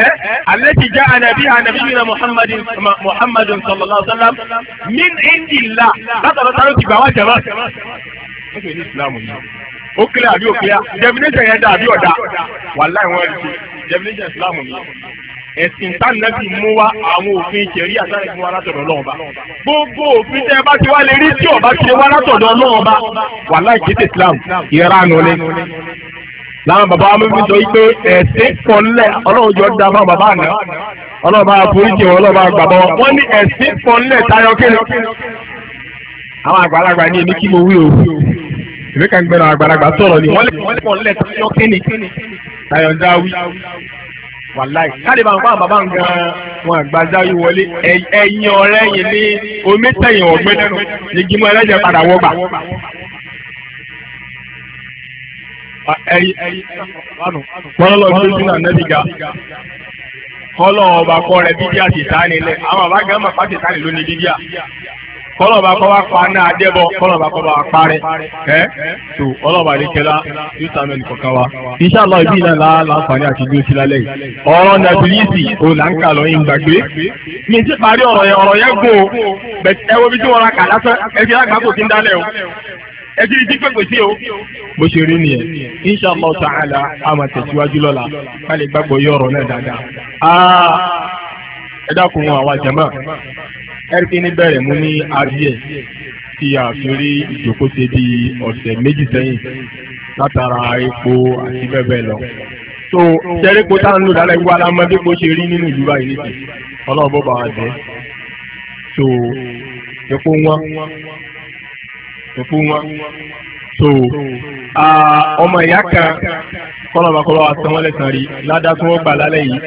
S1: ẹ alẹ́tì já anabi anabi yìí na muhammadu muhammadu sallallahu alayhi wa sallam min ó clear àbí clear definition yẹn dà àbí ọ̀dà wọn ti definition islam ẹ̀sìn na mú wa àwọn òfin ìṣẹ̀rí àtàrí fún wa lọ́wọ́ba gbogbo òfin tẹ́ bá ti ọba ti islam bàbá sọ jọ bàbá
S2: àná bá foríjì wọn bá
S1: wọn tayọ kiri àwọn àgbàlagbà èmi èmi kan àgbàlagbà sọ̀rọ̀ ni wọ́n lè pọ̀ nílẹ̀ tó yọ kíni ayọ̀dá wí wàláì káde bá ń pa bàbá ń wọn àgbàjá yìí wọlé ẹ̀yìn ọ̀rẹ́ yìí ní omi tẹ̀yìn ọ̀gbẹ́dẹ́nu ìgbìmọ̀ ẹlẹ́jẹ̀ padà wọ́gbà wọ́n lọ sí sínú ànábì ga kọ́lọ́ ọba kọ́ rẹ̀ bíbí àti ìtánilẹ̀ àwọn àbá gánmà pàṣẹ ìtánilẹ̀ lónìí bíbí à. kọlọba kọba pa ní adébọ kọlọba kọba ẹ tó ọlọba àdékẹlá yóò sàmì ẹnìkọkàn wa ibi náà la láǹfààní àti dúró sí lálẹ́ yìí ọ̀rọ̀ nàbìlísì ò là ń kà gbàgbé mi ti parí ọ̀rọ̀ yẹn ọ̀rọ̀ yẹn gbó ẹ wo bí tí ra kà lásán ẹ fi sí ń dálẹ̀ o ti o. bó ṣe rí nìyẹn a máa tẹ̀síwájú ẹ̀ríkì ní bẹ̀rẹ̀ mú ní adìẹ tí a fi rí ìjókòó ṣe bí ọ̀sẹ̀ méjì sẹ́yìn látara epo àti bẹ́ẹ̀ bẹ́ẹ̀ lọ. so sẹ́ríkò tá à ń lò lálẹ́ wíwá lámọ́dé kó ṣe rí nínú ìlú báyìí nìkan ọlọ́run bó bá wa jẹ́ so epo wọn epo wọn so ọmọ ìyá kan kọ́nà bá kọ́ rí ládàá tí wọ́n gbà lálẹ́ yìí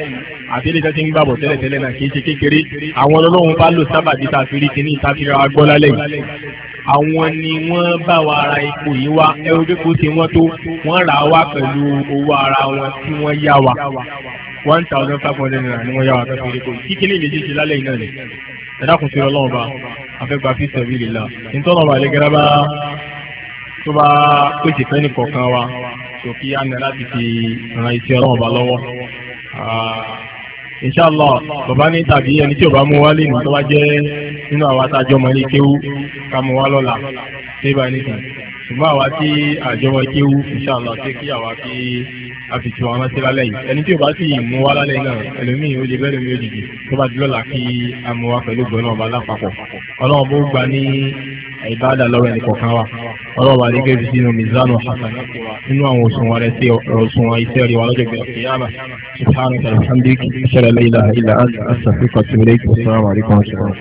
S1: àti ilé tẹ́tí ń gbàbọ̀ tẹ́lẹ̀tẹ́lẹ̀ náà kì í ṣe kékeré àwọn ọlọ́run bá lò sábàbí tá a fi rí kíní tá a fi àwọn ni wọ́n bá wa ra epo yìí wá ẹrú bí kò ṣe wọ́n tó wọ́n rà á wá pẹ̀lú owó ara wọn tí wọ́n yá wa one thousand five hundred naira ni wọ́n yá wa tó fi rí epo yìí kíkíní ìlejì ṣe lálẹ́ yìí náà ni ẹ̀dá kò sí ọlọ́run bá afẹ́gbà fi sẹ̀rí lìlá nítorí ọba àlẹ́gẹ́rẹ́ bá tó bá pèsè fẹ́ni kọ̀ọ̀kan wa sọ kí láti fi ràn iṣẹ́ ọlọ́run bá lọ́wọ́ inshallah bàbá ní tàbí ẹni tí ò bá mú wá lè ní tó bá jẹ́ nínú àwọn atajọ́ ọmọ ilé kéwú ká mú wá lọ́la ṣé bá nìkan ṣùgbọ́n àwa tí àjọ wọn kéwú inshallah ṣé kí àwa kí a fi tiwọn rántí lálẹ́ yìí ẹni tí ò bá sì mú wá lálẹ́ náà ẹlòmíì ó lè bẹ́ẹ̀ lómi òjijì tó bá di lọ́la kí a mú wá pẹ̀lú gbọ́n náà bá lápapọ̀ ọlọ́run bó gbà ní ìbáàdà lọ́rọ̀ ẹni kọ̀ọ̀kan wa ọlọ́wọ́ àdégbé fi sínú mizanu hasan nínú àwọn òṣùwọ̀n rẹ̀ sí òṣùwọ̀n iṣẹ́ rẹ̀ wà lọ́jọ́ gbé ọ̀kẹ́yàmà subhanahu alhamdulilayi ṣẹlẹ̀ ilaha illa anta astaghfiruka wa
S2: atubu ilayk assalamu alaykum wa